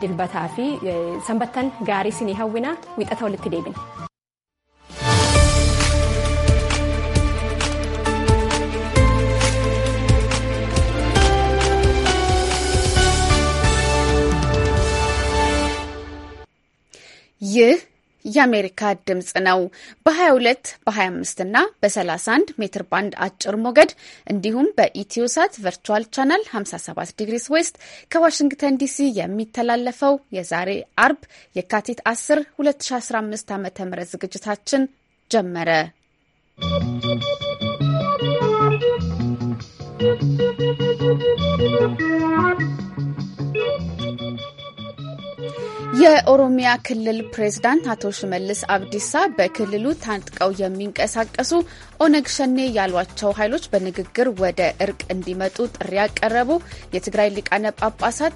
dilbataa fi sanbattan gaarii sinii hawwinaa wiixata walitti deebina. ይህ የአሜሪካ ድምፅ ነው። በ22 በ25 እና በ31 ሜትር ባንድ አጭር ሞገድ እንዲሁም በኢትዮሳት ቨርቹዋል ቻናል 57 ዲግሪስ ዌስት ከዋሽንግተን ዲሲ የሚተላለፈው የዛሬ አርብ የካቲት 10 2015 ዓ ም ዝግጅታችን ጀመረ። ¶¶ የኦሮሚያ ክልል ፕሬዝዳንት አቶ ሽመልስ አብዲሳ በክልሉ ታጥቀው የሚንቀሳቀሱ ኦነግ ሸኔ ያሏቸው ኃይሎች በንግግር ወደ እርቅ እንዲመጡ ጥሪ ያቀረቡ የትግራይ ሊቃነ ጳጳሳት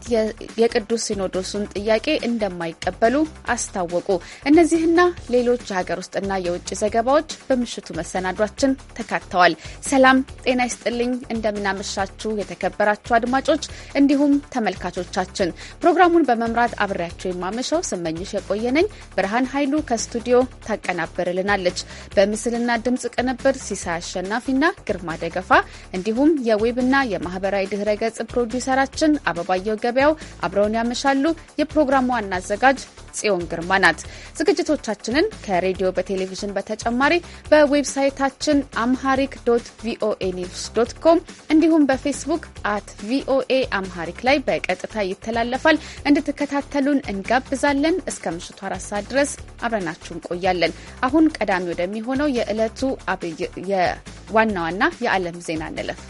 የቅዱስ ሲኖዶሱን ጥያቄ እንደማይቀበሉ አስታወቁ። እነዚህና ሌሎች የሀገር ውስጥና የውጭ ዘገባዎች በምሽቱ መሰናዷችን ተካተዋል። ሰላም ጤና ይስጥልኝ። እንደምናመሻችሁ የተከበራችሁ አድማጮች እንዲሁም ተመልካቾቻችን ፕሮግራሙን በመምራት አብሬያቸው የማመሻው ስመኝሽ የቆየነኝ ብርሃን ኃይሉ ከስቱዲዮ ታቀናበርልናለች በምስልና ድምጽ ቅንብር ዩቲዩበር ሲሳይ አሸናፊና ግርማ ደገፋ እንዲሁም የዌብና የማህበራዊ ድህረ ገጽ ፕሮዲውሰራችን አበባየው ገበያው አብረውን ያመሻሉ። የፕሮግራሙ ዋና አዘጋጅ ጽዮን ግርማ ናት። ዝግጅቶቻችንን ከሬዲዮ በቴሌቪዥን በተጨማሪ በዌብሳይታችን አምሃሪክ ዶት ቪኦኤ ኒውስ ዶት ኮም እንዲሁም በፌስቡክ አት ቪኦኤ አምሃሪክ ላይ በቀጥታ ይተላለፋል። እንድትከታተሉን እንጋብዛለን። እስከ ምሽቱ አራት ሰዓት ድረስ አብረናችሁ እንቆያለን። አሁን ቀዳሚ ወደሚሆነው የዕለቱ አብይ የዋና ዋና የዓለም ዜና እንለፍ።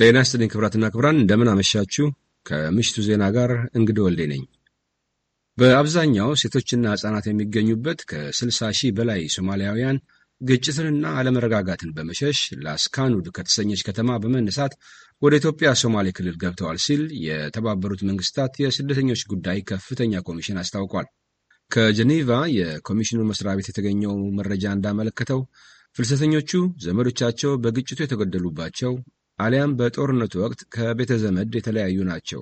ጤና ይስጥልኝ ክብራትና ክብራን፣ እንደምን አመሻችሁ። ከምሽቱ ዜና ጋር እንግድ ወልዴ ነኝ። በአብዛኛው ሴቶችና ሕፃናት የሚገኙበት ከ60 ሺህ በላይ ሶማሊያውያን ግጭትንና አለመረጋጋትን በመሸሽ ላስካኑድ ከተሰኘች ከተማ በመነሳት ወደ ኢትዮጵያ ሶማሌ ክልል ገብተዋል ሲል የተባበሩት መንግስታት የስደተኞች ጉዳይ ከፍተኛ ኮሚሽን አስታውቋል። ከጀኔቫ የኮሚሽኑ መስሪያ ቤት የተገኘው መረጃ እንዳመለከተው ፍልሰተኞቹ ዘመዶቻቸው በግጭቱ የተገደሉባቸው አሊያም በጦርነቱ ወቅት ከቤተ ዘመድ የተለያዩ ናቸው።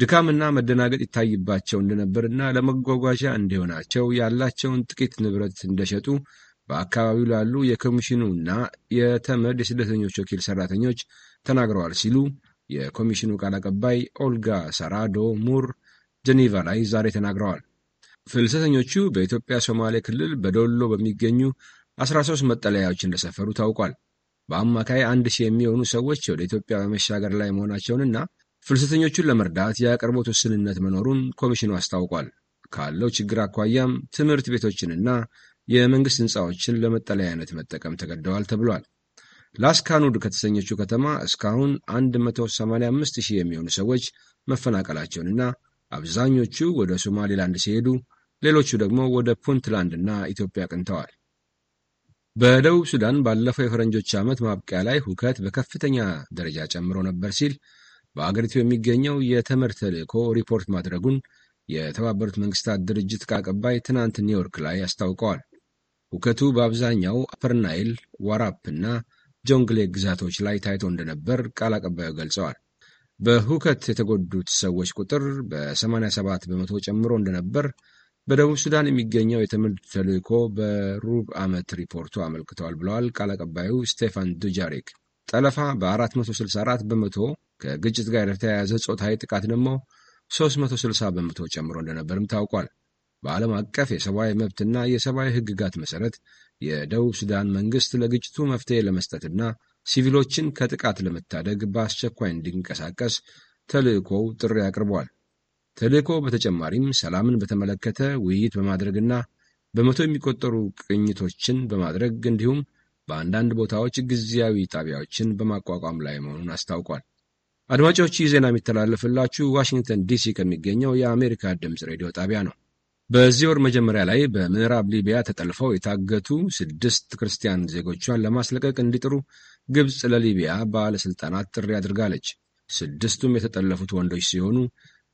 ድካምና መደናገጥ ይታይባቸው እንደነበርና ለመጓጓዣ እንዲሆናቸው ያላቸውን ጥቂት ንብረት እንደሸጡ በአካባቢው ላሉ የኮሚሽኑና የተመድ የስደተኞች ወኪል ሰራተኞች ተናግረዋል ሲሉ የኮሚሽኑ ቃል አቀባይ ኦልጋ ሰራዶ ሙር ጀኔቫ ላይ ዛሬ ተናግረዋል። ፍልሰተኞቹ በኢትዮጵያ ሶማሌ ክልል በዶሎ በሚገኙ 13 መጠለያዎች እንደሰፈሩ ታውቋል። በአማካይ አንድ ሺህ የሚሆኑ ሰዎች ወደ ኢትዮጵያ በመሻገር ላይ መሆናቸውንና ፍልሰተኞቹን ለመርዳት የአቅርቦት ውስንነት መኖሩን ኮሚሽኑ አስታውቋል። ካለው ችግር አኳያም ትምህርት ቤቶችንና የመንግሥት ሕንፃዎችን ለመጠለያነት መጠቀም ተገደዋል ተብሏል። ላስካኑድ ከተሰኘችው ከተማ እስካሁን 185 ሺህ የሚሆኑ ሰዎች መፈናቀላቸውንና አብዛኞቹ ወደ ሶማሌላንድ ሲሄዱ ሌሎቹ ደግሞ ወደ ፑንትላንድ እና ኢትዮጵያ ቅንተዋል። በደቡብ ሱዳን ባለፈው የፈረንጆች ዓመት ማብቂያ ላይ ሁከት በከፍተኛ ደረጃ ጨምሮ ነበር ሲል በአገሪቱ የሚገኘው የተመድ ተልእኮ ሪፖርት ማድረጉን የተባበሩት መንግስታት ድርጅት ቃል አቀባይ ትናንት ኒውዮርክ ላይ አስታውቀዋል። ሁከቱ በአብዛኛው አፐርናይል ዋራፕ እና ጆንግሌ ግዛቶች ላይ ታይቶ እንደነበር ቃል አቀባዩ ገልጸዋል። በሁከት የተጎዱት ሰዎች ቁጥር በ87 በመቶ ጨምሮ እንደነበር በደቡብ ሱዳን የሚገኘው የትምህርት ተልእኮ በሩብ ዓመት ሪፖርቱ አመልክተዋል ብለዋል ቃል አቀባዩ ስቴፋን ዱጃሪክ። ጠለፋ በ464 በመቶ ከግጭት ጋር የተያያዘ ጾታዊ ጥቃት ደግሞ 360 በመቶ ጨምሮ እንደነበርም ታውቋል። በዓለም አቀፍ የሰብአዊ መብትና የሰብአዊ ሕግጋት መሠረት የደቡብ ሱዳን መንግሥት ለግጭቱ መፍትሔ ለመስጠትና ሲቪሎችን ከጥቃት ለመታደግ በአስቸኳይ እንዲንቀሳቀስ ተልእኮው ጥሪ አቅርቧል። ተልእኮ በተጨማሪም ሰላምን በተመለከተ ውይይት በማድረግና በመቶ የሚቆጠሩ ቅኝቶችን በማድረግ እንዲሁም በአንዳንድ ቦታዎች ጊዜያዊ ጣቢያዎችን በማቋቋም ላይ መሆኑን አስታውቋል። አድማጮች ይህ ዜና የሚተላለፍላችሁ ዋሽንግተን ዲሲ ከሚገኘው የአሜሪካ ድምፅ ሬዲዮ ጣቢያ ነው። በዚህ ወር መጀመሪያ ላይ በምዕራብ ሊቢያ ተጠልፈው የታገቱ ስድስት ክርስቲያን ዜጎቿን ለማስለቀቅ እንዲጥሩ ግብፅ ለሊቢያ ባለሥልጣናት ጥሪ አድርጋለች። ስድስቱም የተጠለፉት ወንዶች ሲሆኑ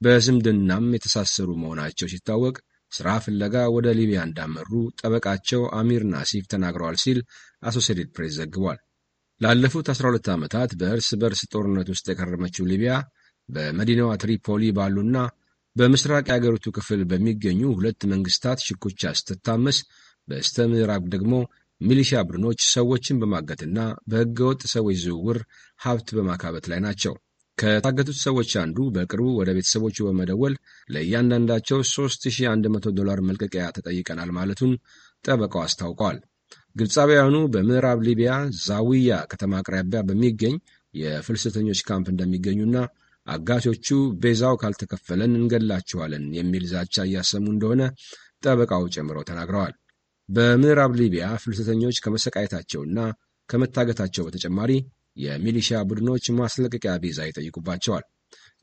በዝምድናም የተሳሰሩ መሆናቸው ሲታወቅ ሥራ ፍለጋ ወደ ሊቢያ እንዳመሩ ጠበቃቸው አሚር ናሲፍ ተናግረዋል ሲል አሶሴትድ ፕሬስ ዘግቧል። ላለፉት 12 ዓመታት በእርስ በርስ ጦርነት ውስጥ የከረመችው ሊቢያ በመዲናዋ ትሪፖሊ ባሉና በምስራቅ የአገሪቱ ክፍል በሚገኙ ሁለት መንግስታት ሽኩቻ ስትታመስ በስተ ምዕራብ ደግሞ ሚሊሻ ቡድኖች ሰዎችን በማገትና በሕገወጥ ሰዎች ዝውውር ሀብት በማካበት ላይ ናቸው። ከታገቱት ሰዎች አንዱ በቅርቡ ወደ ቤተሰቦቹ በመደወል ለእያንዳንዳቸው 3100 ዶላር መልቀቂያ ተጠይቀናል ማለቱን ጠበቃው አስታውቋል። ግብፃውያኑ በምዕራብ ሊቢያ ዛዊያ ከተማ አቅራቢያ በሚገኝ የፍልሰተኞች ካምፕ እንደሚገኙና አጋቾቹ ቤዛው ካልተከፈለን እንገላችኋለን የሚል ዛቻ እያሰሙ እንደሆነ ጠበቃው ጨምረው ተናግረዋል። በምዕራብ ሊቢያ ፍልሰተኞች ከመሰቃየታቸውና ከመታገታቸው በተጨማሪ የሚሊሻ ቡድኖች ማስለቀቂያ ቤዛ ይጠይቁባቸዋል።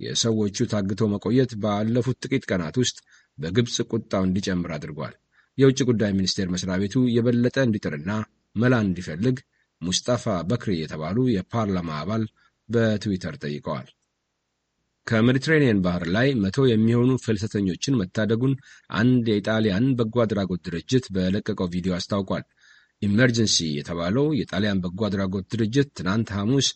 የሰዎቹ ታግቶ መቆየት ባለፉት ጥቂት ቀናት ውስጥ በግብፅ ቁጣው እንዲጨምር አድርጓል። የውጭ ጉዳይ ሚኒስቴር መስሪያ ቤቱ የበለጠ እንዲጥርና መላ እንዲፈልግ ሙስጣፋ በክሪ የተባሉ የፓርላማ አባል በትዊተር ጠይቀዋል። ከሜዲትሬኒየን ባህር ላይ መቶ የሚሆኑ ፍልሰተኞችን መታደጉን አንድ የኢጣሊያን በጎ አድራጎት ድርጅት በለቀቀው ቪዲዮ አስታውቋል። ኢመርጀንሲ የተባለው የጣሊያን በጎ አድራጎት ድርጅት ትናንት ሐሙስ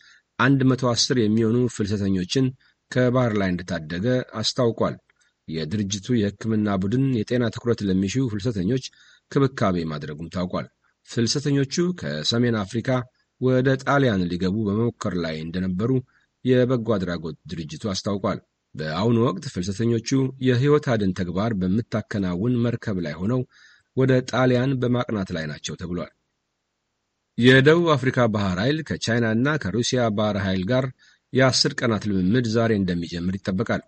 110 የሚሆኑ ፍልሰተኞችን ከባህር ላይ እንደታደገ አስታውቋል። የድርጅቱ የሕክምና ቡድን የጤና ትኩረት ለሚሹ ፍልሰተኞች ክብካቤ ማድረጉም ታውቋል። ፍልሰተኞቹ ከሰሜን አፍሪካ ወደ ጣሊያን ሊገቡ በመሞከር ላይ እንደነበሩ የበጎ አድራጎት ድርጅቱ አስታውቋል። በአሁኑ ወቅት ፍልሰተኞቹ የሕይወት አድን ተግባር በምታከናውን መርከብ ላይ ሆነው ወደ ጣሊያን በማቅናት ላይ ናቸው ተብሏል። የደቡብ አፍሪካ ባህር ኃይል ከቻይና እና ከሩሲያ ባህር ኃይል ጋር የአስር ቀናት ልምምድ ዛሬ እንደሚጀምር ይጠበቃል።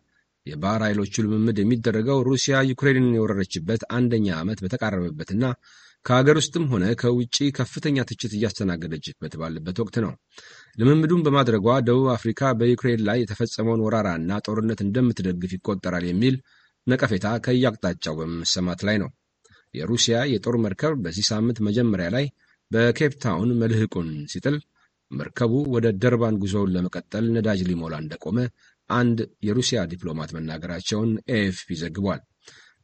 የባህር ኃይሎቹ ልምምድ የሚደረገው ሩሲያ ዩክሬንን የወረረችበት አንደኛ ዓመት በተቃረበበትና ከሀገር ውስጥም ሆነ ከውጭ ከፍተኛ ትችት እያስተናገደችበት ባለበት ወቅት ነው። ልምምዱን በማድረጓ ደቡብ አፍሪካ በዩክሬን ላይ የተፈጸመውን ወራራና ጦርነት እንደምትደግፍ ይቆጠራል የሚል ነቀፌታ ከየአቅጣጫው በመሰማት ላይ ነው። የሩሲያ የጦር መርከብ በዚህ ሳምንት መጀመሪያ ላይ በኬፕታውን መልህቁን ሲጥል መርከቡ ወደ ደርባን ጉዞውን ለመቀጠል ነዳጅ ሊሞላ እንደቆመ አንድ የሩሲያ ዲፕሎማት መናገራቸውን ኤኤፍፒ ዘግቧል።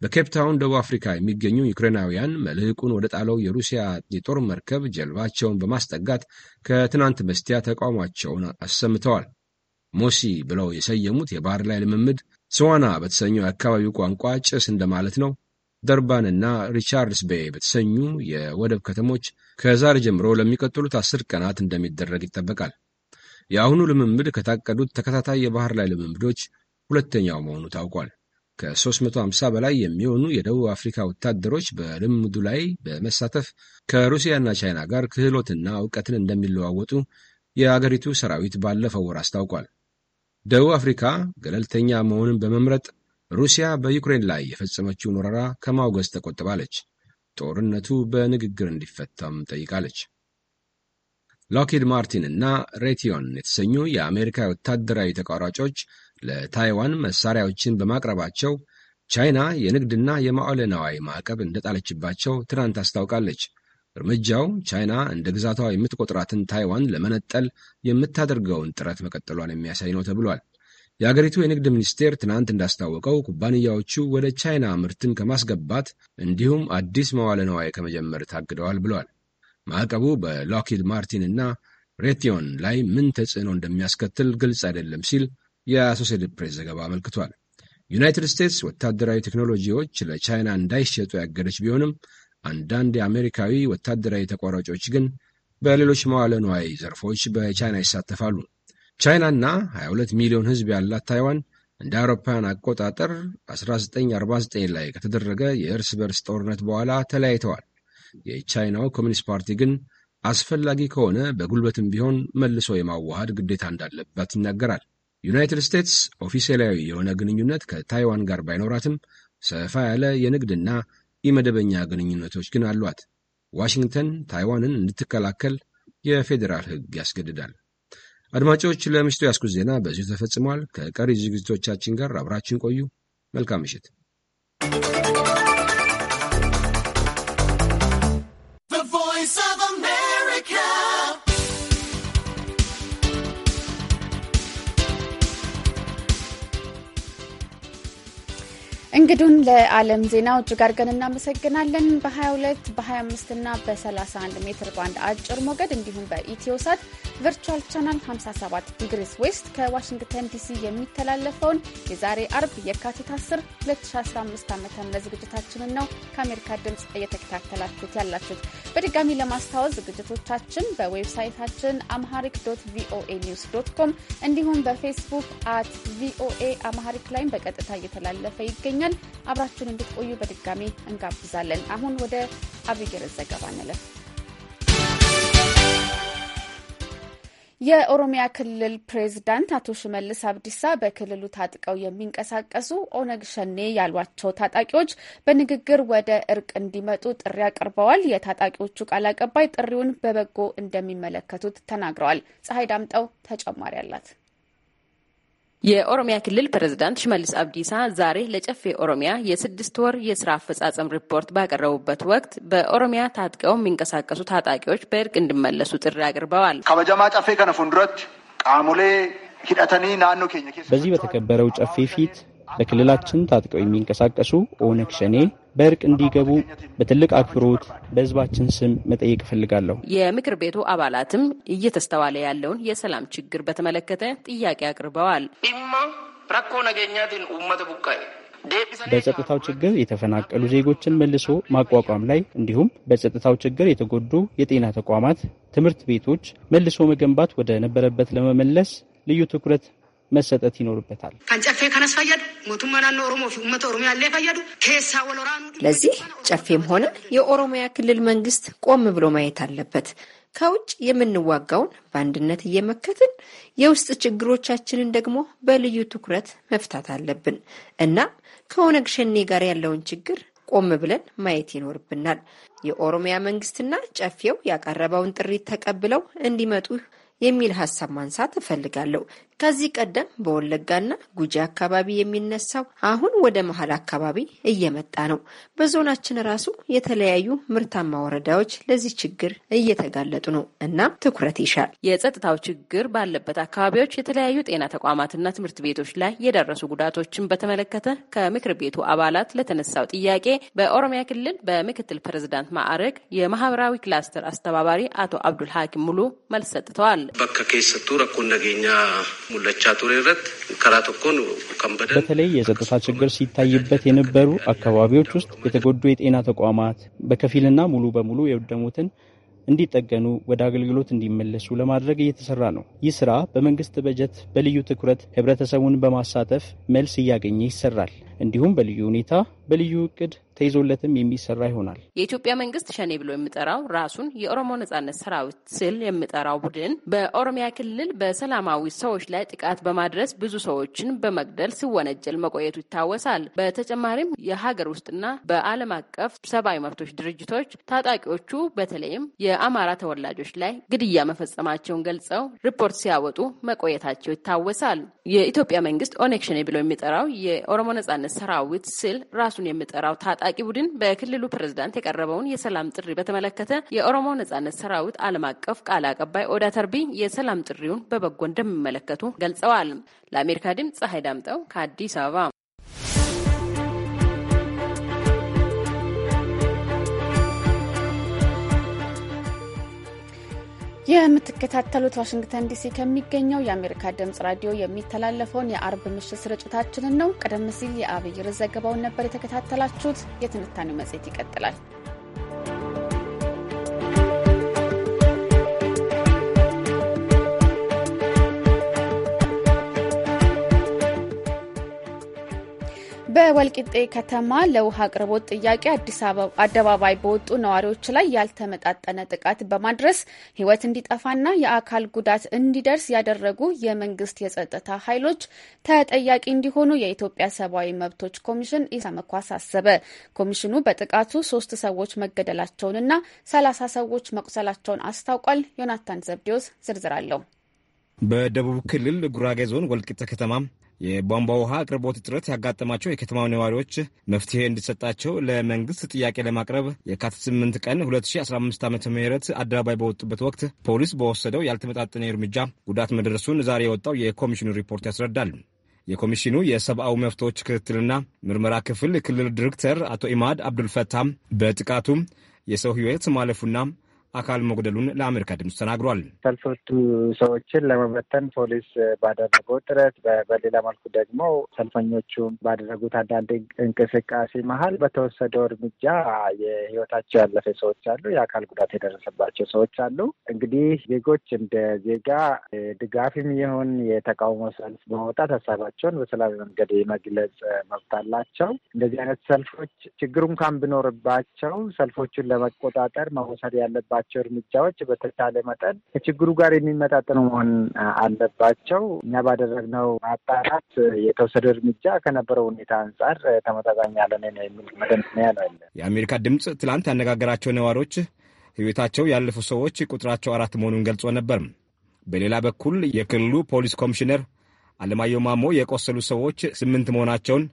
በኬፕታውን ደቡብ አፍሪካ የሚገኙ ዩክሬናውያን መልህቁን ወደ ጣለው የሩሲያ የጦር መርከብ ጀልባቸውን በማስጠጋት ከትናንት በስቲያ ተቃውሟቸውን አሰምተዋል። ሞሲ ብለው የሰየሙት የባህር ላይ ልምምድ ስዋና በተሰኘው የአካባቢው ቋንቋ ጭስ እንደማለት ነው። ደርባንና ሪቻርድስ ቤይ በተሰኙ የወደብ ከተሞች ከዛሬ ጀምሮ ለሚቀጥሉት አስር ቀናት እንደሚደረግ ይጠበቃል። የአሁኑ ልምምድ ከታቀዱት ተከታታይ የባህር ላይ ልምምዶች ሁለተኛው መሆኑ ታውቋል። ከ350 በላይ የሚሆኑ የደቡብ አፍሪካ ወታደሮች በልምምዱ ላይ በመሳተፍ ከሩሲያና ቻይና ጋር ክህሎትና እውቀትን እንደሚለዋወጡ የአገሪቱ ሰራዊት ባለፈው ወር አስታውቋል። ደቡብ አፍሪካ ገለልተኛ መሆንን በመምረጥ ሩሲያ በዩክሬን ላይ የፈጸመችውን ወረራ ከማውገዝ ተቆጥባለች። ጦርነቱ በንግግር እንዲፈታም ጠይቃለች። ሎኪድ ማርቲን እና ሬቲዮን የተሰኙ የአሜሪካ ወታደራዊ ተቋራጮች ለታይዋን መሳሪያዎችን በማቅረባቸው ቻይና የንግድና የማዕለ ነዋይ ማዕቀብ እንደጣለችባቸው ትናንት አስታውቃለች። እርምጃው ቻይና እንደ ግዛቷ የምትቆጥራትን ታይዋን ለመነጠል የምታደርገውን ጥረት መቀጠሏን የሚያሳይ ነው ተብሏል። የአገሪቱ የንግድ ሚኒስቴር ትናንት እንዳስታወቀው ኩባንያዎቹ ወደ ቻይና ምርትን ከማስገባት እንዲሁም አዲስ መዋለ ነዋይ ከመጀመር ታግደዋል ብለዋል። ማዕቀቡ በሎኪድ ማርቲን እና ሬቲዮን ላይ ምን ተጽዕኖ እንደሚያስከትል ግልጽ አይደለም ሲል የአሶሴትድ ፕሬስ ዘገባ አመልክቷል። ዩናይትድ ስቴትስ ወታደራዊ ቴክኖሎጂዎች ለቻይና እንዳይሸጡ ያገደች ቢሆንም አንዳንድ የአሜሪካዊ ወታደራዊ ተቋራጮች ግን በሌሎች መዋለ ንዋይ ዘርፎች በቻይና ይሳተፋሉ። ቻይናና 22 ሚሊዮን ሕዝብ ያላት ታይዋን እንደ አውሮፓውያን አቆጣጠር 1949 ላይ ከተደረገ የእርስ በርስ ጦርነት በኋላ ተለያይተዋል። የቻይናው ኮሚኒስት ፓርቲ ግን አስፈላጊ ከሆነ በጉልበትም ቢሆን መልሶ የማዋሃድ ግዴታ እንዳለባት ይናገራል። ዩናይትድ ስቴትስ ኦፊሴላዊ የሆነ ግንኙነት ከታይዋን ጋር ባይኖራትም ሰፋ ያለ የንግድና የመደበኛ ግንኙነቶች ግን አሏት። ዋሽንግተን ታይዋንን እንድትከላከል የፌዴራል ሕግ ያስገድዳል። አድማጮች፣ ለምሽቱ ያስኩት ዜና በዚሁ ተፈጽሟል። ከቀሪ ዝግጅቶቻችን ጋር አብራችን ቆዩ። መልካም ምሽት። እንግዱን ለዓለም ዜናው እጅግ አድርገን እናመሰግናለን። በ22 በ25 እና በ31 ሜትር ባንድ አጭር ሞገድ እንዲሁም በኢትዮ ሳት ቨርቹዋል ቻናል 57 ዲግሪስ ዌስት ከዋሽንግተን ዲሲ የሚተላለፈውን የዛሬ አርብ የካቲት 10 2015 ዓ ም ዝግጅታችንን ነው ከአሜሪካ ድምፅ እየተከታተላችሁት ያላችሁት። በድጋሚ ለማስታወስ ዝግጅቶቻችን በዌብሳይታችን አምሃሪክ ዶት ቪኦኤ ኒውስ ዶት ኮም እንዲሁም በፌስቡክ አት ቪኦኤ አምሃሪክ ላይም በቀጥታ እየተላለፈ ይገኛል። አድርገን አብራችሁን እንድትቆዩ በድጋሚ እንጋብዛለን። አሁን ወደ አብይር ዘገባ እንለፍ። የኦሮሚያ ክልል ፕሬዝዳንት አቶ ሽመልስ አብዲሳ በክልሉ ታጥቀው የሚንቀሳቀሱ ኦነግ ሸኔ ያሏቸው ታጣቂዎች በንግግር ወደ እርቅ እንዲመጡ ጥሪ አቅርበዋል። የታጣቂዎቹ ቃል አቀባይ ጥሪውን በበጎ እንደሚመለከቱት ተናግረዋል። ፀሐይ ዳምጠው ተጨማሪ አላት። የኦሮሚያ ክልል ፕሬዝዳንት ሽመልስ አብዲሳ ዛሬ ለጨፌ ኦሮሚያ የስድስት ወር የስራ አፈጻጸም ሪፖርት ባቀረቡበት ወቅት በኦሮሚያ ታጥቀው የሚንቀሳቀሱ ታጣቂዎች በእርቅ እንዲመለሱ ጥሪ አቅርበዋል። ከበጀማ ጨፌ ከነፉን ድረት ቃሙሌ ሂደተኒ ናኖ በዚህ በተከበረው ጨፌ ፊት በክልላችን ታጥቀው የሚንቀሳቀሱ ኦነግ ሸኔ በእርቅ እንዲገቡ በትልቅ አክብሮት በህዝባችን ስም መጠየቅ እፈልጋለሁ። የምክር ቤቱ አባላትም እየተስተዋለ ያለውን የሰላም ችግር በተመለከተ ጥያቄ አቅርበዋል። ነገኛትን ኡመተ ቡቃይ በጸጥታው ችግር የተፈናቀሉ ዜጎችን መልሶ ማቋቋም ላይ እንዲሁም በጸጥታው ችግር የተጎዱ የጤና ተቋማት፣ ትምህርት ቤቶች መልሶ መገንባት ወደ ነበረበት ለመመለስ ልዩ ትኩረት መሰጠት ይኖርበታል። ከንጨፌ ከነስ ፈየዱ ሞቱም ኦሮሞ ኡመተ ኦሮሚያ ያለ ፈየዱ ኬሳ ወሎራኑ። ለዚህ ጨፌም ሆነ የኦሮሚያ ክልል መንግስት ቆም ብሎ ማየት አለበት። ከውጭ የምንዋጋውን በአንድነት እየመከትን የውስጥ ችግሮቻችንን ደግሞ በልዩ ትኩረት መፍታት አለብን እና ከኦነግ ሸኔ ጋር ያለውን ችግር ቆም ብለን ማየት ይኖርብናል። የኦሮሚያ መንግስትና ጨፌው ያቀረበውን ጥሪ ተቀብለው እንዲመጡ የሚል ሀሳብ ማንሳት እፈልጋለሁ። ከዚህ ቀደም በወለጋና ጉጂ አካባቢ የሚነሳው አሁን ወደ መሀል አካባቢ እየመጣ ነው። በዞናችን ራሱ የተለያዩ ምርታማ ወረዳዎች ለዚህ ችግር እየተጋለጡ ነው። እናም ትኩረት ይሻል። የጸጥታው ችግር ባለበት አካባቢዎች የተለያዩ ጤና ተቋማትና ትምህርት ቤቶች ላይ የደረሱ ጉዳቶችን በተመለከተ ከምክር ቤቱ አባላት ለተነሳው ጥያቄ በኦሮሚያ ክልል በምክትል ፕሬዝዳንት ማዕረግ የማህበራዊ ክላስተር አስተባባሪ አቶ አብዱል ሀኪም ሙሉ መልስ ሰጥተዋል። እንደገኛ በተለይ የጸጥታ ችግር ሲታይበት የነበሩ አካባቢዎች ውስጥ የተጎዱ የጤና ተቋማት በከፊልና ሙሉ በሙሉ የወደሙትን እንዲጠገኑ ወደ አገልግሎት እንዲመለሱ ለማድረግ እየተሰራ ነው። ይህ ስራ በመንግስት በጀት በልዩ ትኩረት ህብረተሰቡን በማሳተፍ መልስ እያገኘ ይሰራል። እንዲሁም በልዩ ሁኔታ በልዩ እቅድ ተይዞለትም የሚሰራ ይሆናል። የኢትዮጵያ መንግስት ሸኔ ብሎ የሚጠራው ራሱን የኦሮሞ ነጻነት ሰራዊት ስል የሚጠራው ቡድን በኦሮሚያ ክልል በሰላማዊ ሰዎች ላይ ጥቃት በማድረስ ብዙ ሰዎችን በመግደል ሲወነጀል መቆየቱ ይታወሳል። በተጨማሪም የሀገር ውስጥና በዓለም አቀፍ ሰብአዊ መብቶች ድርጅቶች ታጣቂዎቹ በተለይም የአማራ ተወላጆች ላይ ግድያ መፈጸማቸውን ገልጸው ሪፖርት ሲያወጡ መቆየታቸው ይታወሳል። የኢትዮጵያ መንግስት ኦነግ ሸኔ ብሎ የሚጠራው የኦሮሞ ነጻነት ሰራዊት ስል ራሱን የሚጠራው ታጣ ታጣቂ ቡድን በክልሉ ፕሬዝዳንት የቀረበውን የሰላም ጥሪ በተመለከተ የኦሮሞ ነጻነት ሰራዊት ዓለም አቀፍ ቃል አቀባይ ኦዳ ተርቢ የሰላም ጥሪውን በበጎ እንደሚመለከቱ ገልጸዋል። ለአሜሪካ ድምፅ ፀሐይ ዳምጠው ከአዲስ አበባ የምትከታተሉት ዋሽንግተን ዲሲ ከሚገኘው የአሜሪካ ድምጽ ራዲዮ የሚተላለፈውን የአርብ ምሽት ስርጭታችንን ነው። ቀደም ሲል የአብይር ዘገባውን ነበር የተከታተላችሁት። የትንታኔው መጽሔት ይቀጥላል። በወልቂጤ ከተማ ለውሃ አቅርቦት ጥያቄ አዲስ አደባባይ በወጡ ነዋሪዎች ላይ ያልተመጣጠነ ጥቃት በማድረስ ሕይወት እንዲጠፋና የአካል ጉዳት እንዲደርስ ያደረጉ የመንግስት የጸጥታ ኃይሎች ተጠያቂ እንዲሆኑ የኢትዮጵያ ሰብአዊ መብቶች ኮሚሽን ኢሰመኮ አሳሰበ። ኮሚሽኑ በጥቃቱ ሶስት ሰዎች መገደላቸውንና ሰላሳ ሰዎች መቁሰላቸውን አስታውቋል። ዮናታን ዘብዴዎስ ዝርዝር አለው። በደቡብ ክልል ጉራጌ ዞን ወልቂጤ ከተማ የቧንቧ ውሃ አቅርቦት እጥረት ያጋጠማቸው የከተማው ነዋሪዎች መፍትሄ እንዲሰጣቸው ለመንግስት ጥያቄ ለማቅረብ የካቲት 8 ቀን 2015 ዓ ም አደባባይ በወጡበት ወቅት ፖሊስ በወሰደው ያልተመጣጠነ እርምጃ ጉዳት መድረሱን ዛሬ የወጣው የኮሚሽኑ ሪፖርት ያስረዳል። የኮሚሽኑ የሰብአዊ መብቶች ክትትልና ምርመራ ክፍል ክልል ዲሬክተር አቶ ኢማድ አብዱልፈታም በጥቃቱም የሰው ህይወት ማለፉና አካል መጉደሉን ለአሜሪካ ድምፅ ተናግሯል። ሰልፎቹ ሰዎችን ለመበተን ፖሊስ ባደረገው ጥረት፣ በሌላ መልኩ ደግሞ ሰልፈኞቹ ባደረጉት አንዳንድ እንቅስቃሴ መሀል በተወሰደው እርምጃ የህይወታቸው ያለፈ ሰዎች አሉ፣ የአካል ጉዳት የደረሰባቸው ሰዎች አሉ። እንግዲህ ዜጎች እንደ ዜጋ ድጋፍም ይሁን የተቃውሞ ሰልፍ በመውጣት ሀሳባቸውን በሰላም መንገድ መግለጽ መብት አላቸው። እንደዚህ አይነት ሰልፎች ችግሩ እንኳን ቢኖርባቸው ሰልፎቹን ለመቆጣጠር መወሰድ ያለባቸው የሚወስዷቸው እርምጃዎች በተቻለ መጠን ከችግሩ ጋር የሚመጣጠኑ መሆን አለባቸው። እኛ ባደረግነው ማጣራት የተወሰደ እርምጃ ከነበረው ሁኔታ አንጻር ተመጣጣኝ ያለነ የሚል መደምደሚያ ነው ያለ። የአሜሪካ ድምፅ ትላንት ያነጋገራቸው ነዋሪዎች ህይወታቸው ያለፉ ሰዎች ቁጥራቸው አራት መሆኑን ገልጾ ነበር። በሌላ በኩል የክልሉ ፖሊስ ኮሚሽነር አለማየሁ ማሞ የቆሰሉ ሰዎች ስምንት መሆናቸውን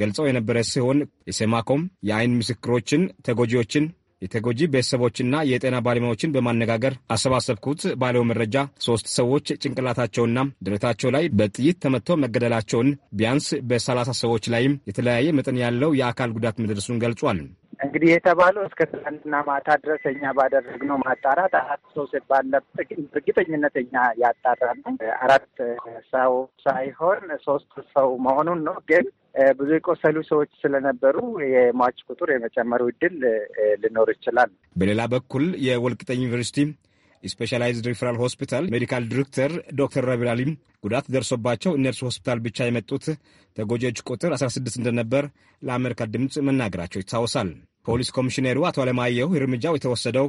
ገልጸው የነበረ ሲሆን የሴማኮም የአይን ምስክሮችን፣ ተጎጂዎችን የተጎጂ ቤተሰቦችና የጤና ባለሙያዎችን በማነጋገር አሰባሰብኩት ባለው መረጃ ሶስት ሰዎች ጭንቅላታቸውና ደረታቸው ላይ በጥይት ተመትተው መገደላቸውን ቢያንስ በሰላሳ ሰዎች ላይም የተለያየ መጠን ያለው የአካል ጉዳት መድረሱን ገልጿል። እንግዲህ የተባለው እስከ ትናንትና ማታ ድረስ እኛ ባደረግነው ማጣራት አራት ሰው ባለበት እርግጠኝነት እኛ ነው አራት ሰው ሳይሆን ሶስት ሰው መሆኑን ነው ግን ብዙ የቆሰሉ ሰዎች ስለነበሩ የሟች ቁጥር የመጨመሩ እድል ሊኖር ይችላል። በሌላ በኩል የወልቅጠኝ ዩኒቨርሲቲ ስፔሻላይዝድ ሪፈራል ሆስፒታል ሜዲካል ዲሬክተር ዶክተር ረቢል አሊም ጉዳት ደርሶባቸው እነርሱ ሆስፒታል ብቻ የመጡት ተጎጂዎች ቁጥር 16 እንደነበር ለአሜሪካ ድምፅ መናገራቸው ይታወሳል። ፖሊስ ኮሚሽነሩ አቶ አለማየሁ እርምጃው የተወሰደው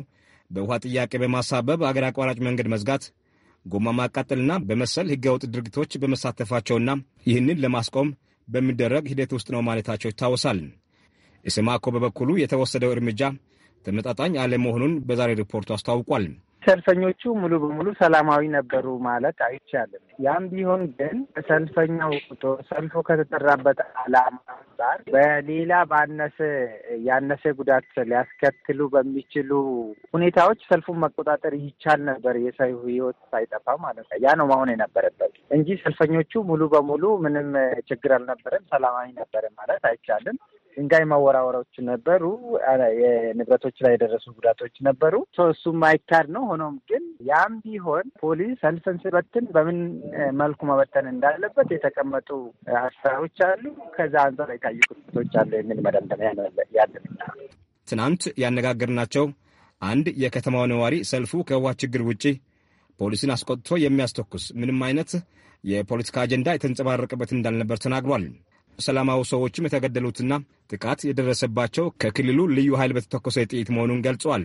በውሃ ጥያቄ በማሳበብ አገር አቋራጭ መንገድ መዝጋት፣ ጎማ ማቃጠልና በመሰል ህገወጥ ድርጊቶች በመሳተፋቸውና ይህንን ለማስቆም በሚደረግ ሂደት ውስጥ ነው ማለታቸው ይታወሳል። ኢሰማኮ በበኩሉ የተወሰደው እርምጃ ተመጣጣኝ አለመሆኑን በዛሬ ሪፖርቱ አስታውቋል። ሰልፈኞቹ ሙሉ በሙሉ ሰላማዊ ነበሩ ማለት አይቻልም። ያም ቢሆን ግን ሰልፈኛው ቁጥር ሰልፎ ከተጠራበት አላማ አንጻር በሌላ ባነሰ ያነሰ ጉዳት ሊያስከትሉ በሚችሉ ሁኔታዎች ሰልፉን መቆጣጠር ይቻል ነበር፣ የሰው ሕይወት ሳይጠፋ ማለት ነው። ያ ነው መሆን የነበረበት እንጂ ሰልፈኞቹ ሙሉ በሙሉ ምንም ችግር አልነበረም፣ ሰላማዊ ነበረ ማለት አይቻልም። ድንጋይ ማወራወሮች ነበሩ። የንብረቶች ላይ የደረሱ ጉዳቶች ነበሩ። እሱም አይካድ ነው። ሆኖም ግን ያም ቢሆን ፖሊስ ሰልፍን ሲበትን በምን መልኩ መበተን እንዳለበት የተቀመጡ ሀሳቦች አሉ። ከዛ አንጻር የታዩ ክፍቶች አሉ የሚል መደምደሚያ ያለ ትናንት ያነጋገርናቸው አንድ የከተማው ነዋሪ ሰልፉ ከውሃ ችግር ውጪ ፖሊስን አስቆጥቶ የሚያስተኩስ ምንም አይነት የፖለቲካ አጀንዳ የተንጸባረቀበት እንዳልነበር ተናግሯል። ሰላማዊ ሰዎችም የተገደሉትና ጥቃት የደረሰባቸው ከክልሉ ልዩ ኃይል በተተኮሰ ጥይት መሆኑን ገልጿል።